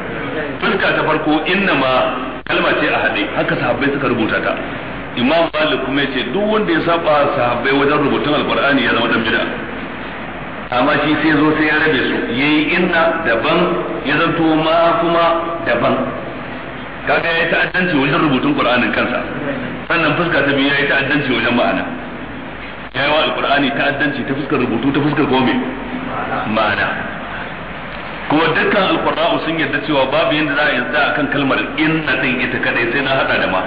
fuska ta farko inna ma kalma ce a haɗe haka sahabbai suka rubuta ta imam malik kuma yace duk wanda ya saba sahabbai wajen rubutun alqur'ani ya zama dan bid'a amma shi sai zo sai ya rabe su yayi inna daban ya zanto ma kuma daban kaga ya ta'addanci wajen rubutun qur'anin kansa sannan fuska ta biyu ya yi ta'addanci wajen ma'ana ya yi wa alqur'ani ta'addanci ta fuskar rubutu ta fuskar gome ma'ana kuma dukkan alqurra'u sun yarda cewa babu yanda za a yi da akan kalmar inna din ita kadai sai na hada da ma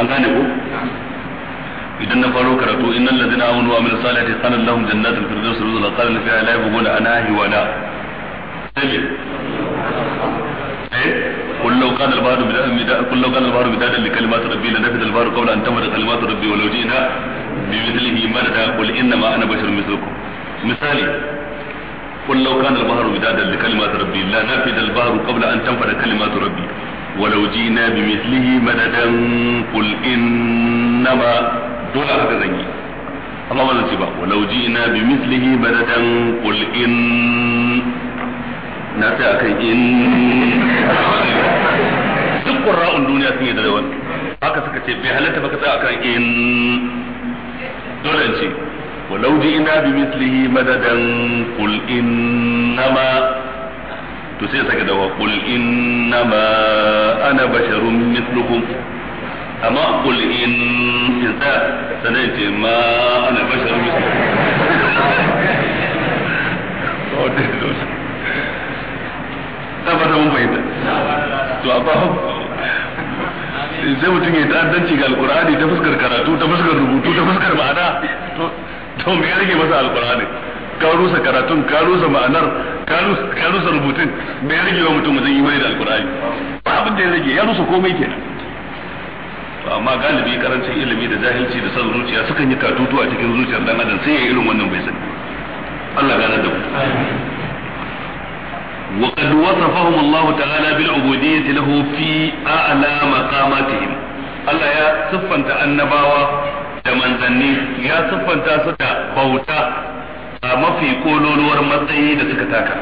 an gane ku. idan na faro karatu innal ladina amanu wa amilus salihati sanan lahum jannatul firdaus nuzula qalan fiha la yabghuna anahi wa la قل لو كان البحر مدادا قل لو كان البحر مدادا لكلمات ربي لنفذ البحر قبل ان تمر كلمات ربي ولو جئنا بمثله مددا قل انما انا بشر مثلكم Misali. قل لو كان البحر مدادا لكلمات ربي لا نافذ البحر قبل أن تنفذ كلمات ربي ولو جئنا بمثله مددا قل إنما دولا هكذا زنجي الله ما نسيبه ولو جئنا بمثله مددا قل إن نافع كي إن duk الدنيا duniya sun yi هكذا wani haka suka ce إن halatta baka ولو جئنا بمثله مددا قل انما تسيس كده قل انما انا بشر مثلكم اما قل ان انت سنيت ما انا بشر مثلكم تفضل من فايدة تفضل sai mutum ya ta'addanci ga alkur'ani ta fuskar karatu ta fuskar rubutu ta fuskar ma'ana to me ya rage masa alqur'ani ka rusa karatun ka rusa ma'anar ka rusa rubutun me ya rage wa mutum wajen imani da alqur'ani ba abin da ya rage ya rusa komai ke to amma galibi karancin ilimi da jahilci da san zuciya sukan yi katutu a cikin zuciyar dan adam sai ya irin wannan bai sani Allah gane da mu وقد وصفهم الله تعالى بالعبودية له في أعلى مقاماتهم Allah ya siffanta annabawa da manzanni ya siffanta su da bauta a mafi kololuwar matsayi da suka taka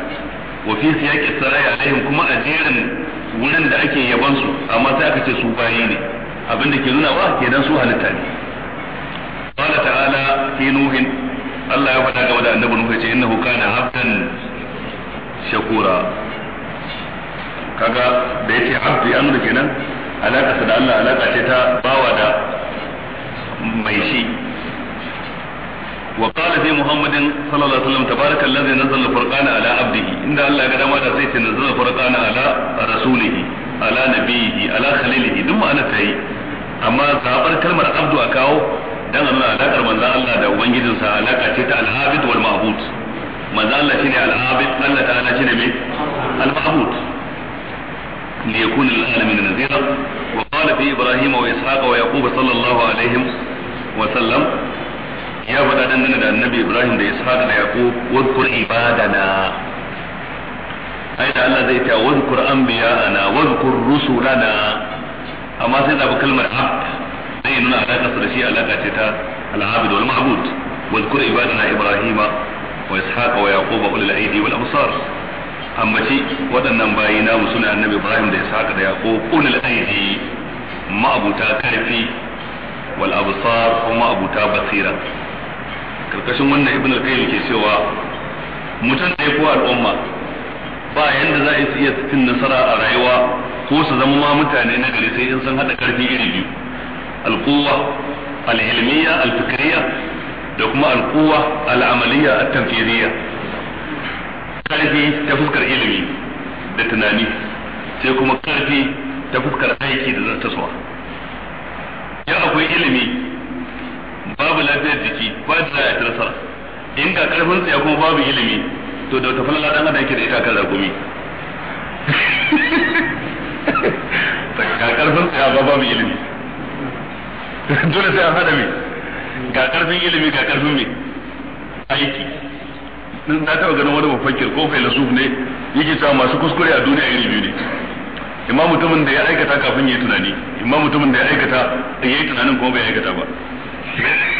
wafi su yaƙi saraya alaihim kuma a jerin wurin da ake yabansu su amma sai aka ce su bayi ne abinda ke nuna wa kenan su halitta ne qala ta'ala fi nuhin Allah ya faɗa game da annabi nuhu ce innahu kana abdan shakura kaga da yace abdi an kenan alaka da Allah alaka ce ta bawa da mai shi وقال في محمد صلى الله عليه وسلم تبارك الذي نزل الفرقان على عبده إن الله قد ما تسيت نزل الفرقان على رسوله على نبيه على خليله دم أنا تهي أما زابر كلمة عبد أكاو dan Allah alaƙar manzan Allah da Ubangijinsa alaƙa ce ta alhabid wal ma'bud manzan Allah shine alhabid Allah ta'ala shine mai al ma'bud li yakuna lil alamin nazira wa qala fi ibrahima wa ishaqa wa wasallam ya faɗa dangane da annabi Ibrahim da Ishaq da Yaqub wadkur ibadana ai da Allah zai ta wadkur anbiya'ana wadkur rusulana amma sai da kalmar abd zai nuna alaka da shi alaka ce ta al-abd wal ma'bud wadkur ibadana Ibrahima wa Ishaq wa Yaqub ulul aidi wal absar amma shi waɗannan bayi namu suna annabi Ibrahim da Ishaq da Yaqub ulul aidi ma'abuta karfi wal absar kuma abuta basira karkashin wannan ibn al-qayyim ke cewa mutum da ko al'umma ba yanda za su iya cin nasara a rayuwa ko su zama ma mutane na gari sai in sun hada karfi iri biyu al-quwwa al-ilmiyya al da kuma al-quwwa al-amaliyya at-tanfiziyya karfi ta fuskar ilimi da tunani sai kuma karfi ta fuskar aiki da zartaswa ya akwai ilimi babu lafiyar jiki ba da ya ci nasara in ga karfin tsaya kuma babu ilimi to da wata falala dan adam yake da ita kan ragumi ga karfin tsaya ba babu ilimi dole sai an hada me ga karfin ilimi ga karfin me aiki na taɓa ganin wani mafakir ko failasuf ne yake cewa masu kuskure a duniya iri biyu ne imma mutumin da ya aikata kafin ya yi tunani imma mutumin da ya aikata ya yi tunanin kuma bai aikata ba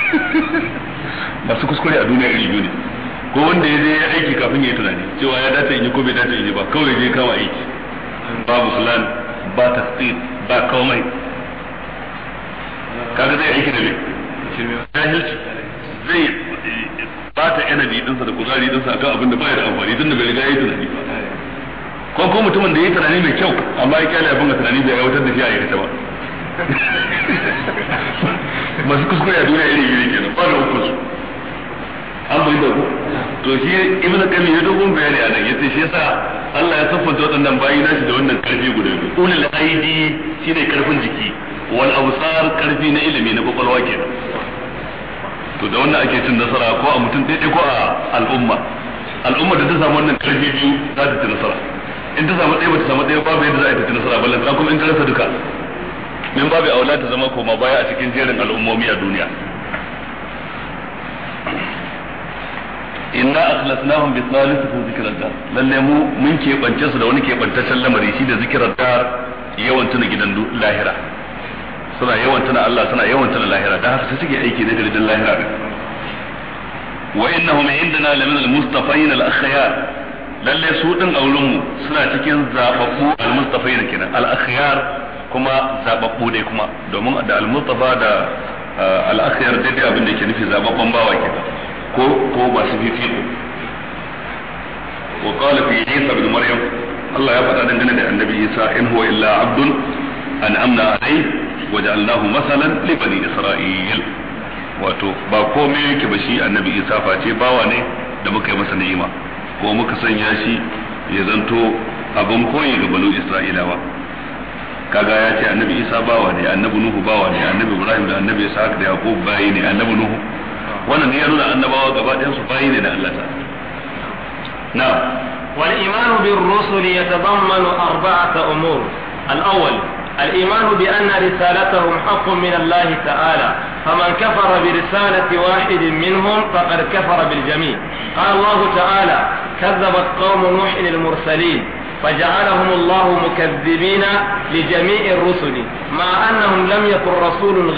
masu kuskure a duniya iri biyu ne ko wanda ya je ya aiki kafin ya yi tunani cewa ya dace in yi ko bai dace in yi ba kawai je kama aiki ba musulman ba tasir ba komai kaga zai aiki da me jahilci zai bata energy dinsa da kuzari dinsa akan abin da baya da amfani tun da bai riga ya yi tunani ba ko ko mutumin da ya yi tunani mai kyau amma ya kyale abin da tunani bai aiwatar da shi a ta ba masu kuskure a duniya iri iri kenan ba da uku su an bai da to shi ibn qayyim ya dogon bayani a nan yace shi yasa Allah ya siffanta waɗannan bayi nashi da wannan karfi guda biyu ulul aidi shine karfin jiki wal absar karfi na ilimi na kwakwalwa kenan to da wannan ake cin nasara ko a mutum ɗaya ko a al'umma al'umma da ta samu wannan karfi biyu za ta ci nasara in ta samu ɗaya ba ta samu ɗaya babu yadda za a yi ta nasara ba ta kuma in ta rasa duka min babu aula ta zama koma baya a cikin jerin al'ummomi a duniya inna akhlasnahum bi thalithati dhikrar dar lalle mu mun keɓance su da wani keɓantaccen lamari shi da zikirar dar yawan tuna gidan lahira suna yawan tuna Allah suna yawan tuna lahira da haka ta suke aiki da gidan lahira wa innahum indana lamin al-mustafayn al-akhyar lalle su din auren mu suna cikin zababbu al-mustafa ne kenan al-akhyar kuma zababbu dai kuma domin da al-mustafa da eh, al-akhyar dai abin da yake nufi zababban bawa kenan ko ko masu fifiko wa qala fi isa ibn maryam Allah ya faɗa dangane da annabi Isa in huwa illa abdun amna alai wa ja'alnahu masalan li bani isra'il wato ba komai yake ba shi annabi Isa face bawa ne da muka yi masa ni'ima ko muka sanya shi ya zanto abin koyi ga banu isra'ilawa kaga ya ce annabi isa bawa ne annabi nuhu bawa ne annabi ibrahim da annabi isa da yaqub bayi ne annabi nuhu wannan ne ya nuna annabawa gaba ɗayan su bayi ne da Allah ta na wal imanu bir rusuli yatadammanu arba'ata umur al awwal الإيمان بأن رسالتهم حق من الله تعالى فمن كفر برسالة واحد منهم فقد كفر بالجميع قال الله تعالى كذبت قوم نوح المرسلين فجعلهم الله مكذبين لجميع الرسل مع أنهم لم يكن رسول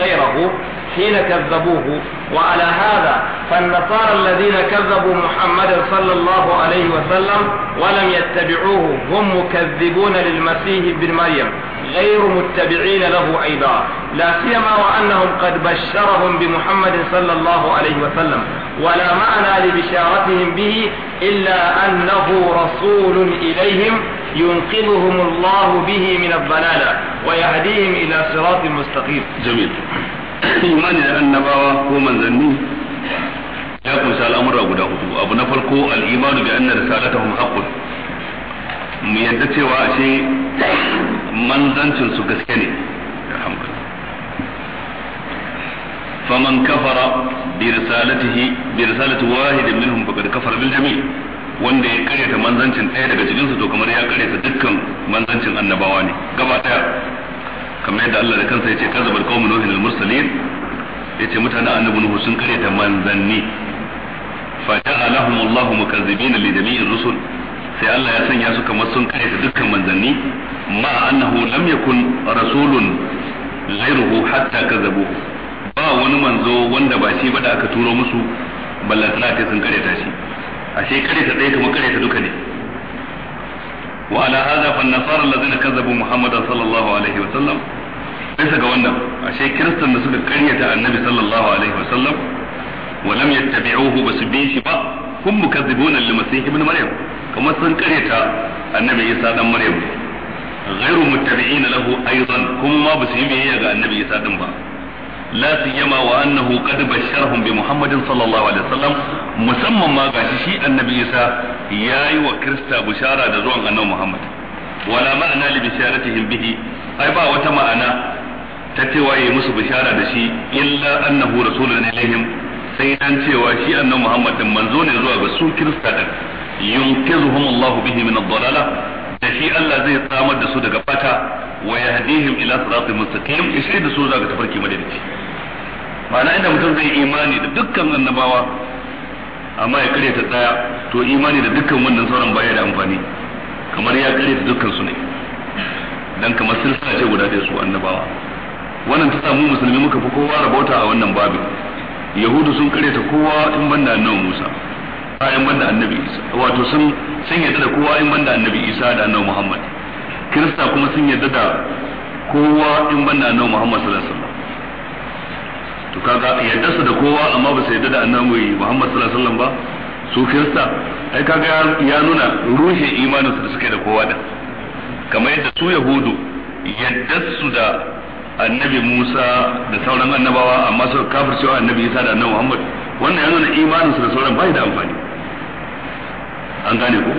غيره حين كذبوه وعلى هذا فالنصارى الذين كذبوا محمدا صلى الله عليه وسلم ولم يتبعوه هم مكذبون للمسيح ابن مريم غير متبعين له أيضا لا سيما وأنهم قد بشرهم بمحمد صلى الله عليه وسلم ولا معنى لبشارتهم به إلا أنه رسول إليهم ينقذهم الله به من الضلالة ويهديهم إلى صراط مستقيم جميل imani da annabawa هو من ya kunshi سأل أمر أبو داود أبو farko الإيمان بأن رسالتهم risalatahum mu yadda cewa ashe manzancin su gaske ne faman kafara bi risalatihi bi risalati wahidin minhum faqad kafara bil jami' wanda ya karyata manzancin ɗaya daga cikin su to kamar ya karyata dukkan manzancin annabawa ne gaba ɗaya kamar yadda Allah da kansa yace kazabar qaumun nuhin al mursalin yace mutanen annabi nuhu sun karyata manzanni fa ja'alahum Allahu mukazzibina li jami'ir rusul sai Allah ya sanya su kamar sun kare da dukkan manzanni ma annahu lam yakun rasulun ghayruhu hatta kazabu ba wani manzo wanda ba shi ba da aka turo musu ballantana ta sun kare ta shi ashe kare ta ɗaya kamar kare ta duka ne wa ala hadha fa nasara allazina kazabu muhammadan sallallahu alaihi wa sallam bisa ga wannan ashe kiristan da suka karyata annabi sallallahu alaihi wa sallam wa lam yattabi'uhu basu bi shi ba Kun hum mukazzibuna lil masih ibn maryam kamar sun kareta annabi isa dan maryam ghairu muttabi'ina lahu aidan kuma ma ba su yi biyayya ga annabi isa din ba wa لا سيما وانه قد بشرهم بمحمد صلى الله عليه وسلم مسمى shi غاشي شي النبي عيسى wa وكريستا bushara da zuwan annabi Muhammad wala ma'ana li bisharatihim bihi ai ba wata ma'ana ta cewa yi musu bishara da shi illa annahu rasulun ilaihim sai an cewa shi annan Muhammad din manzo ne zuwa ga su Kirista din yunkizuhum Allahu bihi min ad-dalala da shi Allah zai samar da su daga fata wa yahdihim ila siratin mustaqim shi da su daga tafarki madalici ma'ana inda mutum zai imani da dukkan annabawa amma ya kare ta tsaya to imani da dukkan wannan sauran baya da amfani kamar ya kare ta dukkan su ne dan kamar silsila ce guda ɗaya su annabawa wannan ta samu musulmi muka fi kowa rabauta a wannan babin yahudu sun ta kowa in banda annabi Musa in banda annabi Isa wato sun sun yadda da kowa in banda annabi Isa da annabi Muhammad kirista kuma sun yadda da kowa in banda annabi Muhammad sallallahu alaihi wasallam to kaga yadda su da kowa amma ba su yadda da annabi Muhammad sallallahu alaihi wasallam ba su kirista ai kaga ya nuna ruhin imanin su da suke da kowa da kamar yadda su yahudu yadda su da annabi Musa da sauran annabawa amma kafir cewa annabi Isa da annabi Muhammad wannan yana nuna imaninsu da sauran bai da amfani an gane ko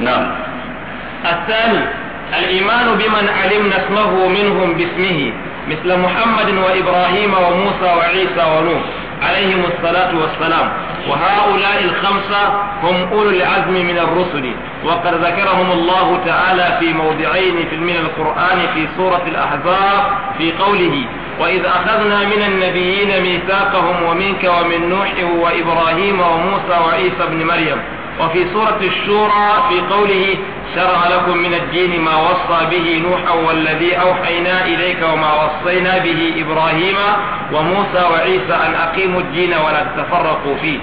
na'am الثاني الإيمان بمن علمنا اسمه منهم باسمه مثل محمد وإبراهيم وموسى وعيسى ونوح عليهم الصلاة والسلام وهؤلاء الخمسة هم أولو العزم من الرسل وقد ذكرهم الله تعالى في موضعين في من القرآن في سورة الأحزاب في قوله وإذ أخذنا من النبيين ميثاقهم ومنك ومن نوح وإبراهيم وموسى وعيسى بن مريم وفي سورة الشورى في قوله شرع لكم من الدين ما وصى به نوحا والذي أوحينا إليك وما وصينا به إبراهيم وموسى وعيسى أن أقيموا الدين ولا تفرقوا فيه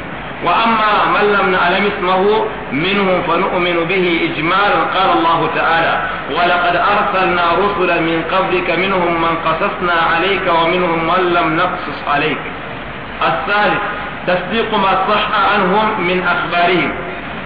وأما من لم نعلم اسمه منهم فنؤمن به إجمالا قال الله تعالى ولقد أرسلنا رسلا من قبلك منهم من قصصنا عليك ومنهم من لم نقصص عليك الثالث تصديق ما صح عنهم من أخبارهم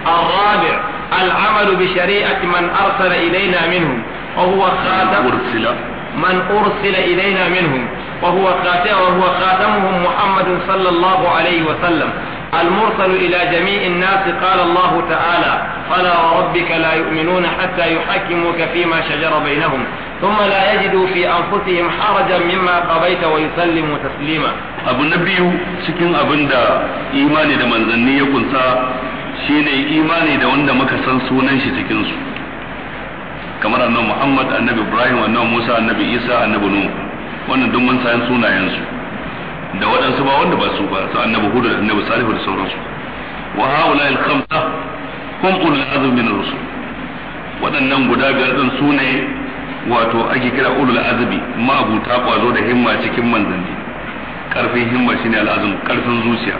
الرابع العمل بشريعة من أرسل إلينا منهم وهو خاتم أرسل من أرسل إلينا منهم وهو خاتم وهو خاتمهم محمد صلى الله عليه وسلم المرسل إلى جميع الناس قال الله تعالى فلا وربك لا يؤمنون حتى يحكموك فيما شجر بينهم ثم لا يجدوا في أنفسهم حرجا مما قضيت ويسلموا تسليما أبو النبي سكن أبن دا إيماني دا من ذنية سا شيني إيماني دا وند مكسن سونان شتكنسو سو annabi محمد النبي إبراهيم annabi موسى النبي Isa النبي Nuh wannan duk سان سونا sunayen da waɗansu ba wanda ba su ba su annabi hudu da annabi salihu da sauransu wa haula al khamsa hum ulul azmi min rusul waɗannan guda biyar din sune wato ake kira ulul azmi ma'abuta kwazo da himma cikin manzanni karfin himma shine al azm karfin zuciya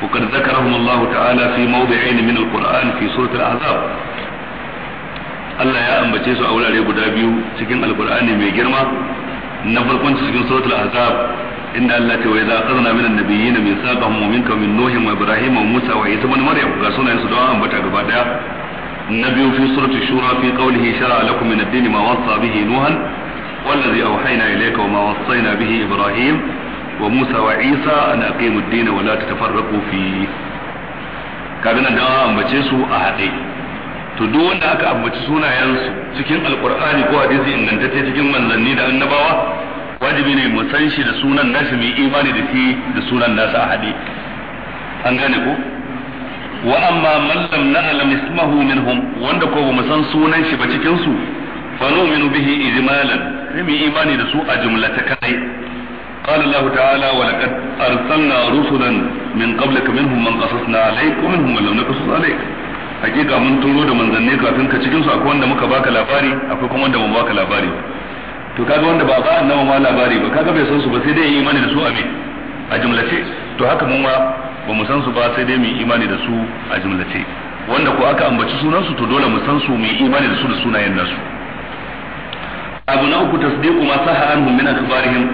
وقد ذكرهم الله تعالى في موضعين من القرآن في سورة الأعذاب Allah ya ambace su a wurare guda biyu cikin alkur'ani mai girma na farkon cikin suratul azab إن التي وإذا أخذنا من النبيين من ميثاقهم ومنك من نوح وإبراهيم وموسى وعيسى بن مريم غسونا يسدعا أن بتعك النبي في سورة الشورى في قوله شرع لكم من الدين ما وصى به نوحا والذي أوحينا إليك وما وصينا به إبراهيم وموسى وعيسى أن أقيموا الدين ولا تتفرقوا فيه كابنا دعا أن أهدي تدون أك أن ينسوا سكين القرآن قوة ديزي إن أنت تتكين من ذنين wajibi ne mu san shi da sunan nashi mai imani da shi da sunan nasa a haɗe. an gane ko wa amma man lam na'lam ismahu minhum wanda ko ba mu san sunan shi ba cikin su fa nu'minu bihi ijmalan sai mu imani da su a jumlata kai قال الله تعالى ولقد أرسلنا رسلا من قبلك منهم من قصصنا عليك ومنهم من لم نقصص عليك hakika mun turo da manzanni kafin ka cikin su akwai wanda muka baka labari akwai kuma wanda baka labari to kaga wanda ba ba annabi ma labari ba kaga bai san su ba sai dai yi imani da su a me a jumlace to haka mun ma ba mu san su ba sai dai mu imani da su a jumlace wanda ko aka ambaci sunan su to dole mu san su mu imani da su da sunayen nasu abu na uku tasdiqu ma saha anhum min akhbarihim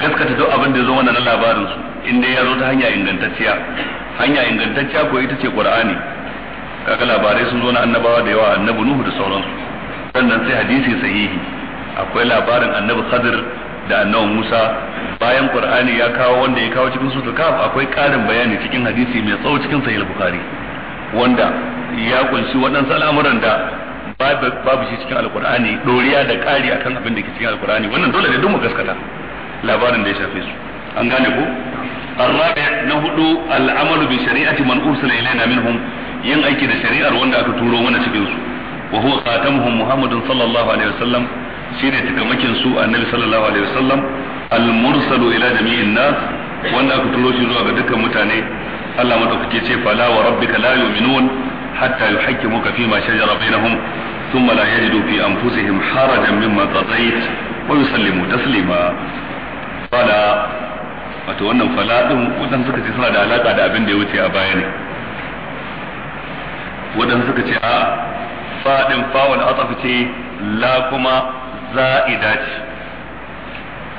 gaskata duk abin da ya zo mana na labarin su inda ya zo ta hanya ingantacciya hanya ingantacciya ko ita ce qur'ani kaga labarai sun zo na annabawa da yawa annabi nuhu da sauransu sannan sai hadisi sahihi akwai labarin annabi khadir da annabi musa bayan qur'ani ya kawo wanda ya kawo cikin sura kaf akwai karin bayani cikin hadisi mai tsawo cikin sahih bukhari wanda ya kunshi waɗansu al'amuran da babu shi cikin alqur'ani doriya da kari akan abin da ke cikin alqur'ani wannan dole ne duk mu gaskata labarin da ya shafe su an gane ko الرابع نهض العمل بشريعة من أرسل إلينا منهم yin aiki da shari'ar wanda aka turo mana cikin su wa huwa khatamuhum muhammadun sallallahu alaihi wasallam shine takamakin su annabi sallallahu alaihi wasallam al-mursalu ila jami'in nas wanda aka turo shi zuwa ga dukkan mutane Allah madaukake ce fala wa rabbika la yu'minun hatta yuhaqqimuka fi ma shajara bainahum thumma la yajidu fi anfusihim harajan mimma qadayt wa yusallimu taslima fala wato wannan fala din wadan suka ce suna da alaka da abin da ya wuce a baya ne wadan suka ce a fa din fa wal atafi ce la kuma za'ida ce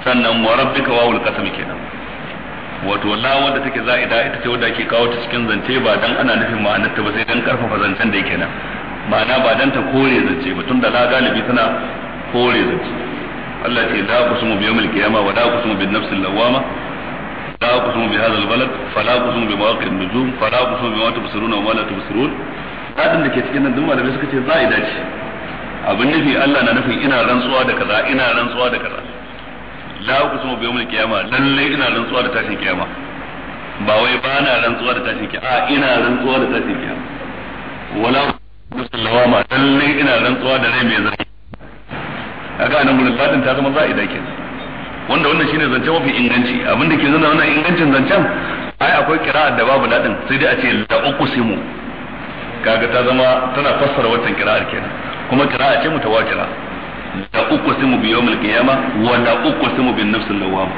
sannan wa rabbika wawul qasam kenan wato la wanda take za'ida ita ce wanda ake kawo ta cikin zance ba dan ana nufin ma'anar ta ba sai dan karfafa zancen da yake nan ma'ana ba dan ta kore zance ba tunda la galibi tana kore zance Allah ce la kusumu bi yawmil qiyamah wa la kusumu bin nafsil lawama لا أقسم بهذا البلد فلا kusumu bi النجوم tubsiruna wa بما تبصرون da لا da ke cikin nan جدا malamai suka ce za'ida ce abin nufi Allah na nufin ina rantsuwa da kaza ina rantsuwa da kaza la uqsimu bi yawmil qiyamah lalle ina rantsuwa da tashin kiyama ba wai ba na rantsuwa da tashin kiyama ina rantsuwa da tashin kiyama wala musallawa ma lalle ina rantsuwa da rai mai zai kaga nan gurin fadin ta zama za'ida ke wanda wannan shine zance mafi inganci abinda ke nuna wannan ingancin zancen ai akwai kira'a da babu ladin sai dai a ce la uqsimu kaga ta zama tana fassara wancan kira'ar kenan kuma qira'a ce mu mutawatira la uqsimu bi yawmil qiyama wa la uqsimu bin nafsil lawwam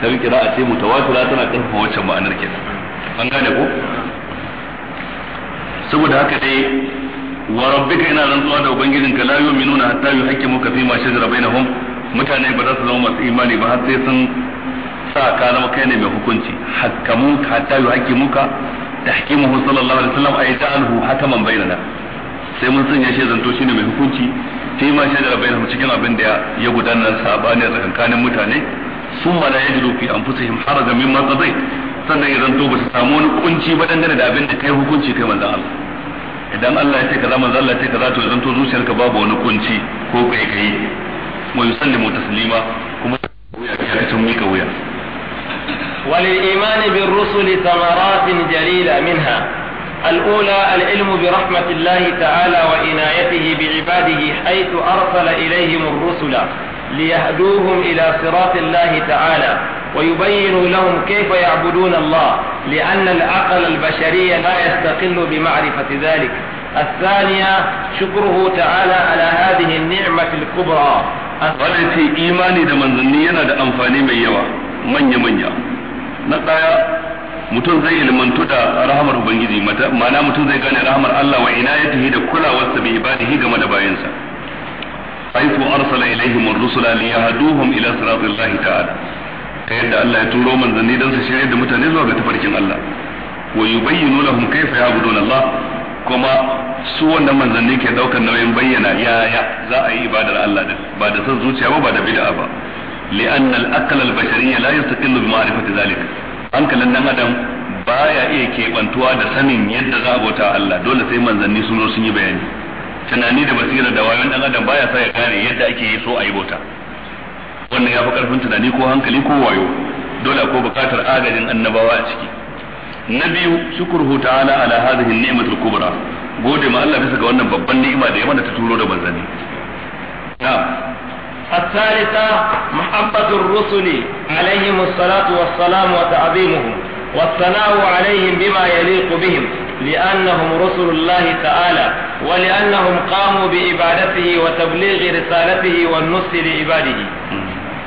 kai qira'a ce mu mutawatira tana karfafa wancan ma'anar kenan an gane ko saboda haka dai wa rabbika ina rantsuwa da ubangijinka la yu'minuna hatta yuhaqqimuka fi ma shajara bainahum mutane ba za su zama masu imani ba har sai sun sa ka zama kai ne mai hukunci hakkamu hatta yuhaqqimuka tahkimuhu sallallahu alaihi wasallam ay ja'alhu hakaman bainana sai mun sanya shi zanto shine mai hukunci fi ma shi da bainahum cikin abin da ya gudana sabani tsakanin mutane sun ma la yajidu fi anfusihim harajan mimma qadayt sannan ya zanto ba su samu wani kunci ba dangane da abin da kai hukunci kai manzon Allah idan Allah ya ce kaza manzon Allah ya ce kaza to ya zanto zuciyarka babu wani kunci ko kai kai wa yusallimu taslima kuma wuya ya ta mika wuya وللإيمان بالرسل ثمرات جليلة منها الأولى العلم برحمة الله تعالى وإنايته بعباده حيث أرسل إليهم الرسل ليهدوهم إلى صراط الله تعالى ويبين لهم كيف يعبدون الله لأن العقل البشري لا يستقل بمعرفة ذلك الثانية شكره تعالى على هذه النعمة الكبرى wannan إيماني imani da manzanni yana da amfani mai yawa mutum zai ilmantu da rahamar ubangiji ma'ana mutum zai gane rahamar Allah wa inayatihi da kulawarsa bi ibadihi game da bayansa haythu arsala ilaihim ar-rusula liyahduhum ila siratillahi ta'ala ta yadda Allah ya turo manzanni dan su shirye da mutane zuwa ga tafarkin Allah wa yubayyinu lahum kayfa ya'buduna Allah kuma su wannan manzanni ke daukar nauyin bayyana yaya za a yi ibadar Allah din ba da son zuciya ba ba da bid'a ba li'anna al-aql al-bashariyya la yastaqillu bi ma'rifati zalika hankalin dan adam baya iya keɓantuwa da sanin yadda za a bauta Allah dole sai manzanni sun zo sun yi bayani tunani da basira da wayon dan adam baya sa ya gane yadda ake yi so a yi bauta wannan ya fi karfin tunani ko hankali ko wayo dole ko bukatar agajin annabawa a ciki na biyu shukruhu ta'ala ala hadhihi ni'matul kubra gode ma Allah bisa ga wannan babban ni'ima da ya mana ta turo da manzanni na'am الثالثة محبة الرسل عليهم الصلاة والسلام وتعظيمهم والثناء عليهم بما يليق بهم لأنهم رسل الله تعالى ولأنهم قاموا بإبادته وتبليغ رسالته والنص لعباده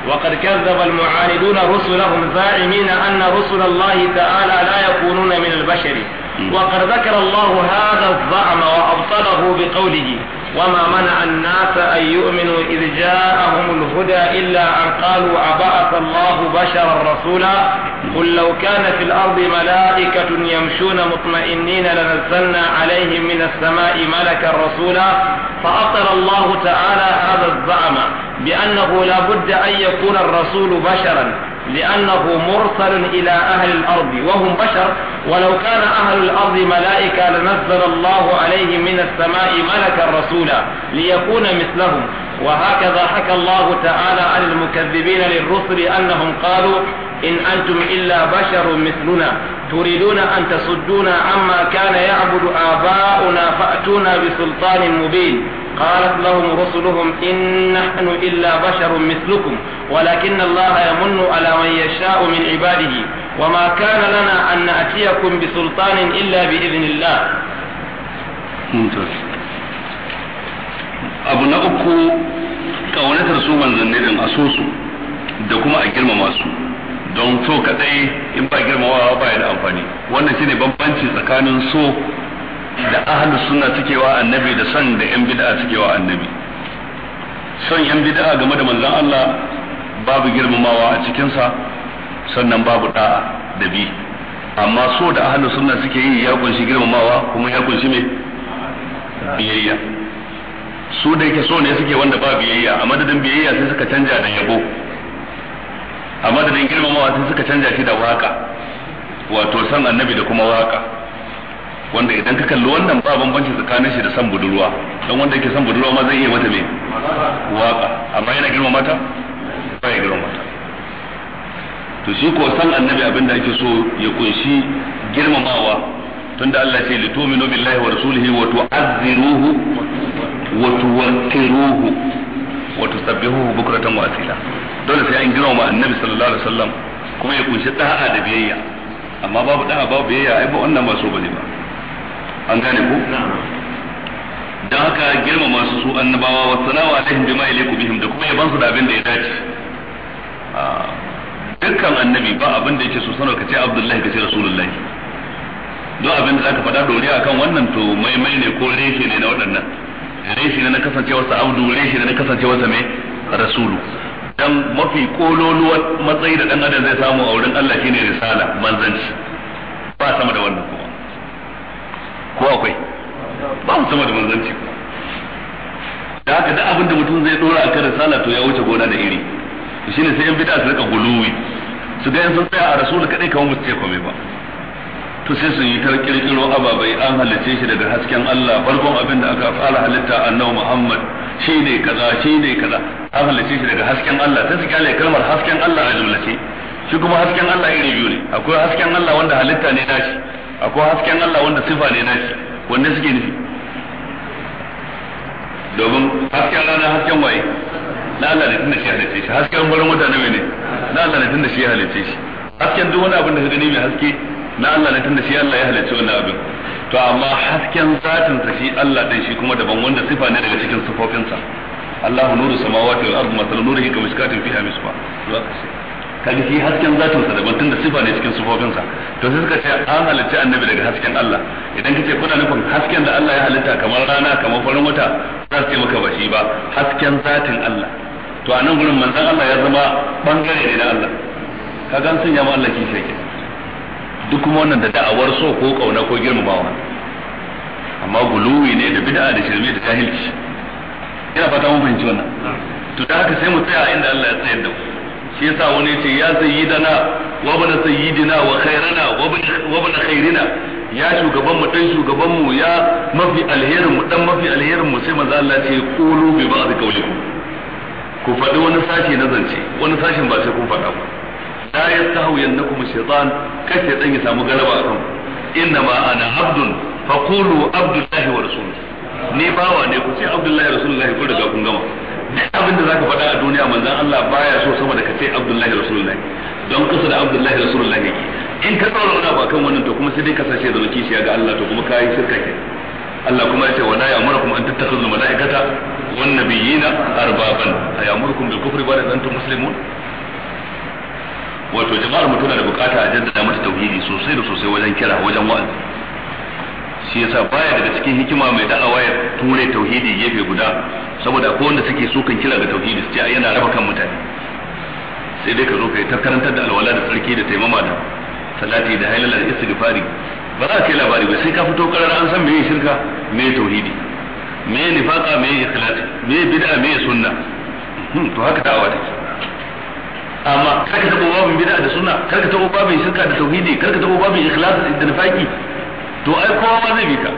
وقد كذب المعاندون رسلهم زاعمين أن رسل الله تعالى لا يكونون من البشر وقد ذكر الله هذا الزعم وأبطله بقوله وما منع الناس أن يؤمنوا إذ جاءهم الهدى إلا أن قالوا أبعث الله بشرا رسولا قل لو كان في الأرض ملائكة يمشون مطمئنين لنزلنا عليهم من السماء ملكا رسولا فأطر الله تعالى هذا الزعم بأنه لا بد أن يكون الرسول بشرا لأنه مرسل إلى أهل الأرض وهم بشر ولو كان أهل الأرض ملائكة لنزل الله عليهم من السماء ملكا رسولا ليكون مثلهم وهكذا حكى الله تعالى عن المكذبين للرسل أنهم قالوا إن أنتم إلا بشر مثلنا تريدون أن تصدونا عما كان يعبد آباؤنا فأتونا بسلطان مبين قالت لهم رسلهم إن نحن إلا بشر مثلكم ولكن الله يمن على من يشاء من عباده وما كان لنا أن نأتيكم بسلطان إلا بإذن الله ممتاز abu na uku ƙaunatar su manzannin a asusu su da kuma a girmama don so kadai in ba girmamawa ba ya da amfani wanda shine bambanci tsakanin su. da ahlus sunna take wa annabi da son da yan bid'a take wa annabi son yan bid'a game da manzon Allah babu girmamawa a cikin sa sannan babu da'a da bi amma so da ahlus sunna suke yi ya kunshi girmamawa kuma ya kunshi me biyayya su da yake so ne suke wanda ba biyayya a madadin biyayya sai suka canja da yabo a madadin girmamawa sai suka canja shi da waka wato san annabi da kuma waka wanda idan ka kalli wannan ba bambanci tsakanin shi da san budurwa don wanda yake san budurwa ma zai iya mata me waka amma yana girma mata ba ya girma mata to shi ko san annabi abin da ake so ya kunshi girmamawa tunda Allah ce li tu'minu billahi wa rasulihi wa tu'azziruhu wa tuwaqqiruhu wa tusabbihuhu bukratan wa asila dole sai an girmama annabi sallallahu alaihi wasallam kuma ya kunshi da'a da biyayya amma babu da'a babu biyayya ai ba wannan ba so bane ba an gane ku da haka girma masu su annabawa wa sanawa alaihim bima ilayku bihim da kuma yaban su da abin da ya dace ah, dukkan annabi ba abin da yake so sanar ka ce abdullahi ka ce rasulullahi don abin da zaka faɗa a akan wannan to maimai ne ko reshe ne na waɗannan reshe ne na kasancewarsa abdu reshe ne na kasancewarsa mai rasulu dan mafi kololuwar matsayi da dan adam zai samu a wurin Allah shine risala manzanci ba sama da wannan ko akwai ba mu sama da manzanci da haka da abinda mutum zai dora a kan risala to ya wuce gona da iri shine sai yan bid'a su rika guluwi su ga yan sun tsaya a rasul kadai kawai musu ce komai ba to sai su yi tar kirkiro ababai an halice shi daga hasken Allah farkon abin da aka fara halitta annabi Muhammad shine kaza shine kaza an halice shi daga hasken Allah sai su kyale kalmar hasken Allah a jumlace shi kuma hasken Allah iri biyu ne akwai hasken Allah wanda halitta ne nashi akwai hasken Allah wanda sifa ne nashi wanda suke nufi domin hasken rana hasken waye na Allah ne tunda shi halitta shi hasken gurin wata ne na Allah ne tunda shi halitta shi hasken duk wani abin da ka gani mai haske na Allah ne tunda shi Allah ya halitta wannan abin to amma hasken zatin sa shi Allah din shi kuma daban wanda sifa ne daga cikin sifofinsa Allahu nuru samawati wal ardi masalun nurihi kamishkatin fiha misbah lokaci kaga shi hasken zatin sa daban tunda sifa ne cikin sifofin sa to sai suka ce an halitta annabi daga hasken Allah idan kace kuna nufin hasken da Allah ya halitta kamar rana kamar farin wata za su ce maka ba shi ba hasken zatin Allah to a nan gurin manzon Allah ya zama bangare ne na Allah kaga sun ya ma Allah kishi ke duk kuma wannan da da'awar so ko kauna ko girmamawa amma guluwi ne da bid'a da shirme da jahilci ina fata mun fahimci wannan to da haka sai mu tsaya inda Allah ya tsayar da mu shi yasa wani ya ce ya sayyidana wa bana sayyidina wa khairana wa bana khairina ya shugaban mu dan shugaban mu ya mafi alherin mu dan mafi alherin mu sai manzo Allah ce qulu bi ba'd qawlikum ku faɗi wani sashi na zance wani sashin ba sai kun faɗa ba la yastahu yannakum shaytan kace dan ya samu galaba a kan inna ma ana abdun qulu abdullahi wa rasuluhu ni bawa ne ku ce abdullahi rasulullahi ku riga kun gama duk abin da zaka faɗa a duniya manzon Allah baya so sama da kace Abdullahi Rasulullahi don kasa da Abdullahi Rasulullahi in ka tsara wani ba kan wannan to kuma sai dai ka sace da zuci ga Allah to kuma kai shirka ke Allah kuma ya ce wala ya'murukum an tattakhudhu malaikata wan nabiyina arbaban ayamurukum bil kufri ba'da antum muslimun wato jama'ar mutuna da bukata a jaddada mata tauhidi sosai da sosai wajen kira wajen wa'azi shi yasa baya daga cikin hikima mai da'awa ya ture tauhidi gefe guda saboda ko wanda suke so kan kira ga tauhidi su ce yana raba kan mutane sai dai ka zo kai ta karantar da alwala da tsarki da taimama da salati da hailal da istighfari ba za ka yi labari ba sai ka fito karar an san meye shirka meye tauhidi meye nifaka meye ikhlas meye bid'a meye sunna hmm, to haka ta take amma kar ka taɓa babin bid'a da sunna kar ka taɓa babin shirka da tauhidi kar ka taɓa babin ikhlas da nifaki to ai kowa ma zai bi ka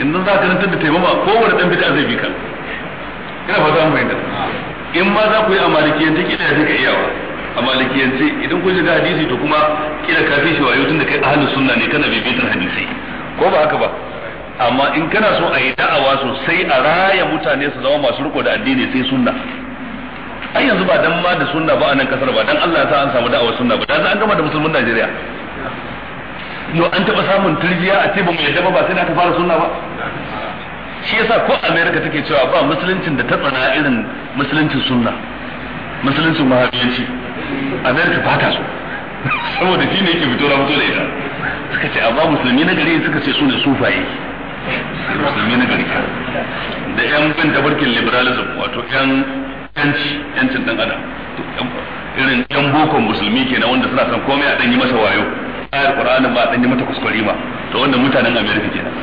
yanzu za ka rantar da taimama kowane dan bid'a zai bi ka ina fata mu yanda in ma za ku yi a malikiyance kila ya suka iyawa a malikiyance idan kun shiga hadisi to kuma kila ka fi shi tun da kai ahlus sunna ne kana bibitan hadisi ko ba haka ba amma in kana so a yi da'awa sosai a raya mutane su zama masu riko da addini sai sunna ai yanzu ba dan ma da sunna ba a nan kasar ba dan Allah ya sa an samu da'awar sunna ba dan an gama da musulmin Najeriya yo an taba samun turjiya a ce ba mu yadda ba sai da aka fara sunna ba shi yasa ko america take cewa ba musuluncin da ta tsana irin musuluncin sunna musuluncin mahabiyanci america ba ta so saboda shi ne yake fito na fito da ita suka ce amma musulmi na gari suka ce su ne sufaye musulmi na gari da yan bin tabarkin liberalism wato yan yanci yancin dan adam irin yan bokon musulmi kenan wanda suna son komai a dan yi masa wayo ayar qur'anin ba a dan yi mata kuskure ba to wanda mutanen america kenan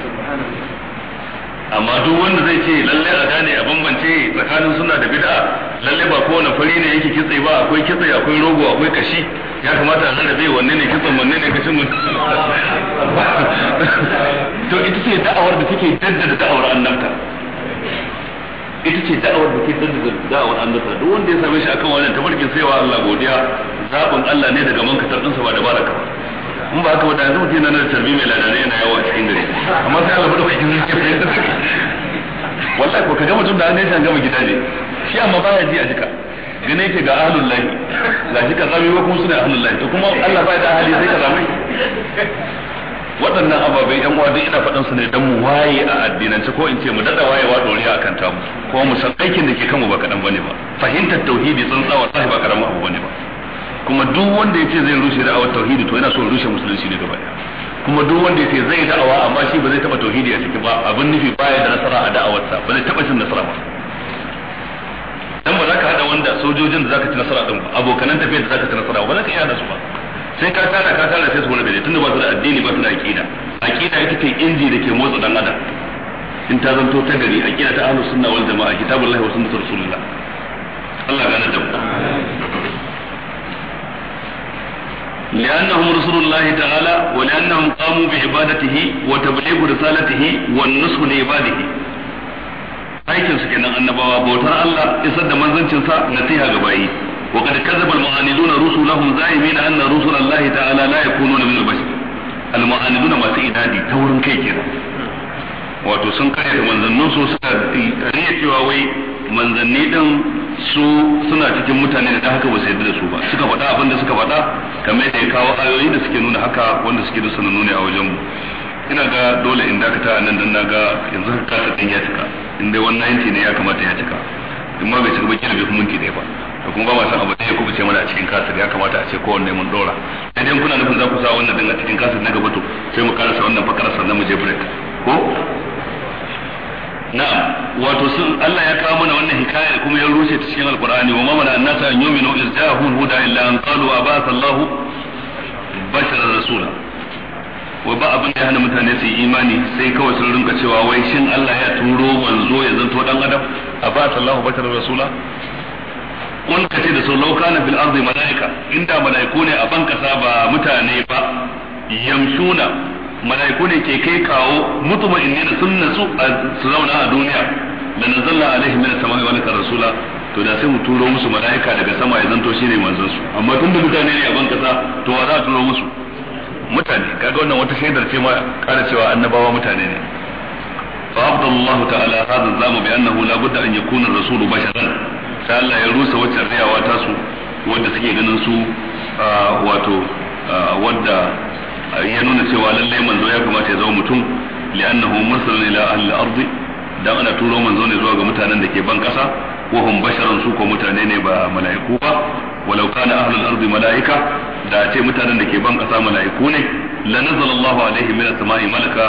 amma duk wanda zai ce lalle a gane a bambance tsakanin suna da bid'a lalle ba kowane fari ne yake kitse ba akwai kitse akwai rogo akwai kashi ya kamata a rarrabe wanne ne kitse wanne ne kashin mun to ita ce da'awar da take daddada da'awar annabta ita ce da'awar da ke daddada da'awar annabta duk wanda ya same shi akan wannan tabarkin sai wa Allah godiya zaɓin Allah ne daga mankatar ɗinsa ba da baraka in ba haka wadanda mutum yana da tarbi mai ladane yana yawo a cikin gari amma sai Allah bada kwakin zuciya fahimtar da wallahi ko gama tun da an nesa gama gida ne shi amma baya ji a jika gane yake ga ahlul lahi ga shi ka zame kuma suna ahlul lahi to kuma Allah baya da ahli sai ka zame waɗannan ababai yan uwa duk ina faɗin su ne dan mu waye a addinance ko in ce mu dada wayewa doriya akan ta mu ko mu san aikin da ke kanmu ba kadan bane ba fahimtar tauhidi tsantsawa sai ba karamin abu bane ba kuma duk wanda ya ce zai rushe da'awar tauhidi to yana so rushe musulunci ne gaba kuma duk wanda ya ce zai da'awa amma shi ba zai taba tauhidi a ciki ba abin nufi baya da nasara a da'awarsa ba zai taba cin nasara ba dan ba za ka hada wanda sojojin da zaka ci nasara din ba abokanan tafiyar da zaka ci nasara ba za ka iya hada su ba sai ka tsara ka tsara sai su wani bai tunda ba su da addini ba su da aqida aqida ita ce inji da ke motsa dan adam in ta zanto ta gari aqida ta ahlus sunna wal jamaa kitabullahi wa sunnatu rasulillah Allah gane da mu لأنهم رسول الله تعالى ولأنهم قاموا بعبادته وتبليغ رسالته والنصح لعباده aikin su kenan annabawa bautar Allah isar da manzancin sa nasiha ga bayi wa kad kadzaba al-mu'anidun rusulahum zaimina anna rusulallahi ta'ala la yakununa min al-bashar al-mu'anidun masu idadi ta wurin kai kenan wato sun karyata manzannin su suka riya cewa wai manzanni din su suna cikin mutane da haka ba su yarda da su ba suka faɗa abin da suka faɗa kamar da ya kawo ayoyi da suke nuna haka wanda suke da sanannu ne a wajen mu ina ga dole in dakata a nan dan na ga yanzu ka kasa din ya cika in dai wannan yanki ne ya kamata ya cika in ma bai cika ba kila bai kuma minti ɗaya ba da kuma ba ma san abu ɗaya kuma ce mana a cikin kasar ya kamata a ce ko wanne mun dora idan kuna nufin za ku sa wannan din a cikin kasar na gaba to sai mu karasa wannan fakarar sannan mu je break ko na'am wato sun Allah ya kawo mana wannan hikaya kuma ya rushe ta cikin alqur'ani wa mamana annasa an yu'minu iz ja'ahum huda illa an qalu abasa Allah bashara rasula wa ba abin da hana mutane su yi imani sai kawai sun rinka cewa wai shin Allah ya turo wanzo ya zanto dan adam abasa Allah bashara rasula kun ka ce da su lauka na bil ardi malaika inda malaiku ne a ban kasa ba mutane ba yamshuna mala'iku ne ke kai kawo mutuma inni da sun nasu su zauna a duniya da nazalla alaihi min samai wa lakar rasula to da sai mu turo musu mala'ika daga sama ya zanto shine manzon su amma tun da mutane ne a ban sa to wa za a turo musu mutane kaga wannan wata shaidar ce ma kara cewa annabawa mutane ne fa Abdullahi ta'ala hadha zamu bi annahu la budda an yakuna ar-rasulu basharan sai Allah ya rusa wata riyawa ta su wanda suke ganin su wato wanda ya nuna cewa lallai manzo ya kamata ya zama mutum li'annahu masalun ila ahli al-ardi dan ana turo manzo ne zuwa ga mutanen da ke ban kasa wa hum basharun su ko mutane ne ba mala'iku ba walau kana ahlul ardi mala'ika da ce mutanen da ke ban kasa mala'iku ne la nazala Allahu alaihi min as-sama'i malaka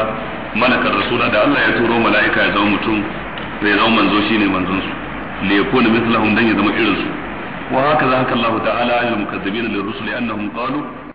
malakar rasula da Allah ya turo mala'ika ya zama mutum zai zama manzo shine manzon su li yakuna mithlahum dan ya zama irin su wa hakaza haka Allah ta'ala ya mukazzibina lirrusuli annahum qalu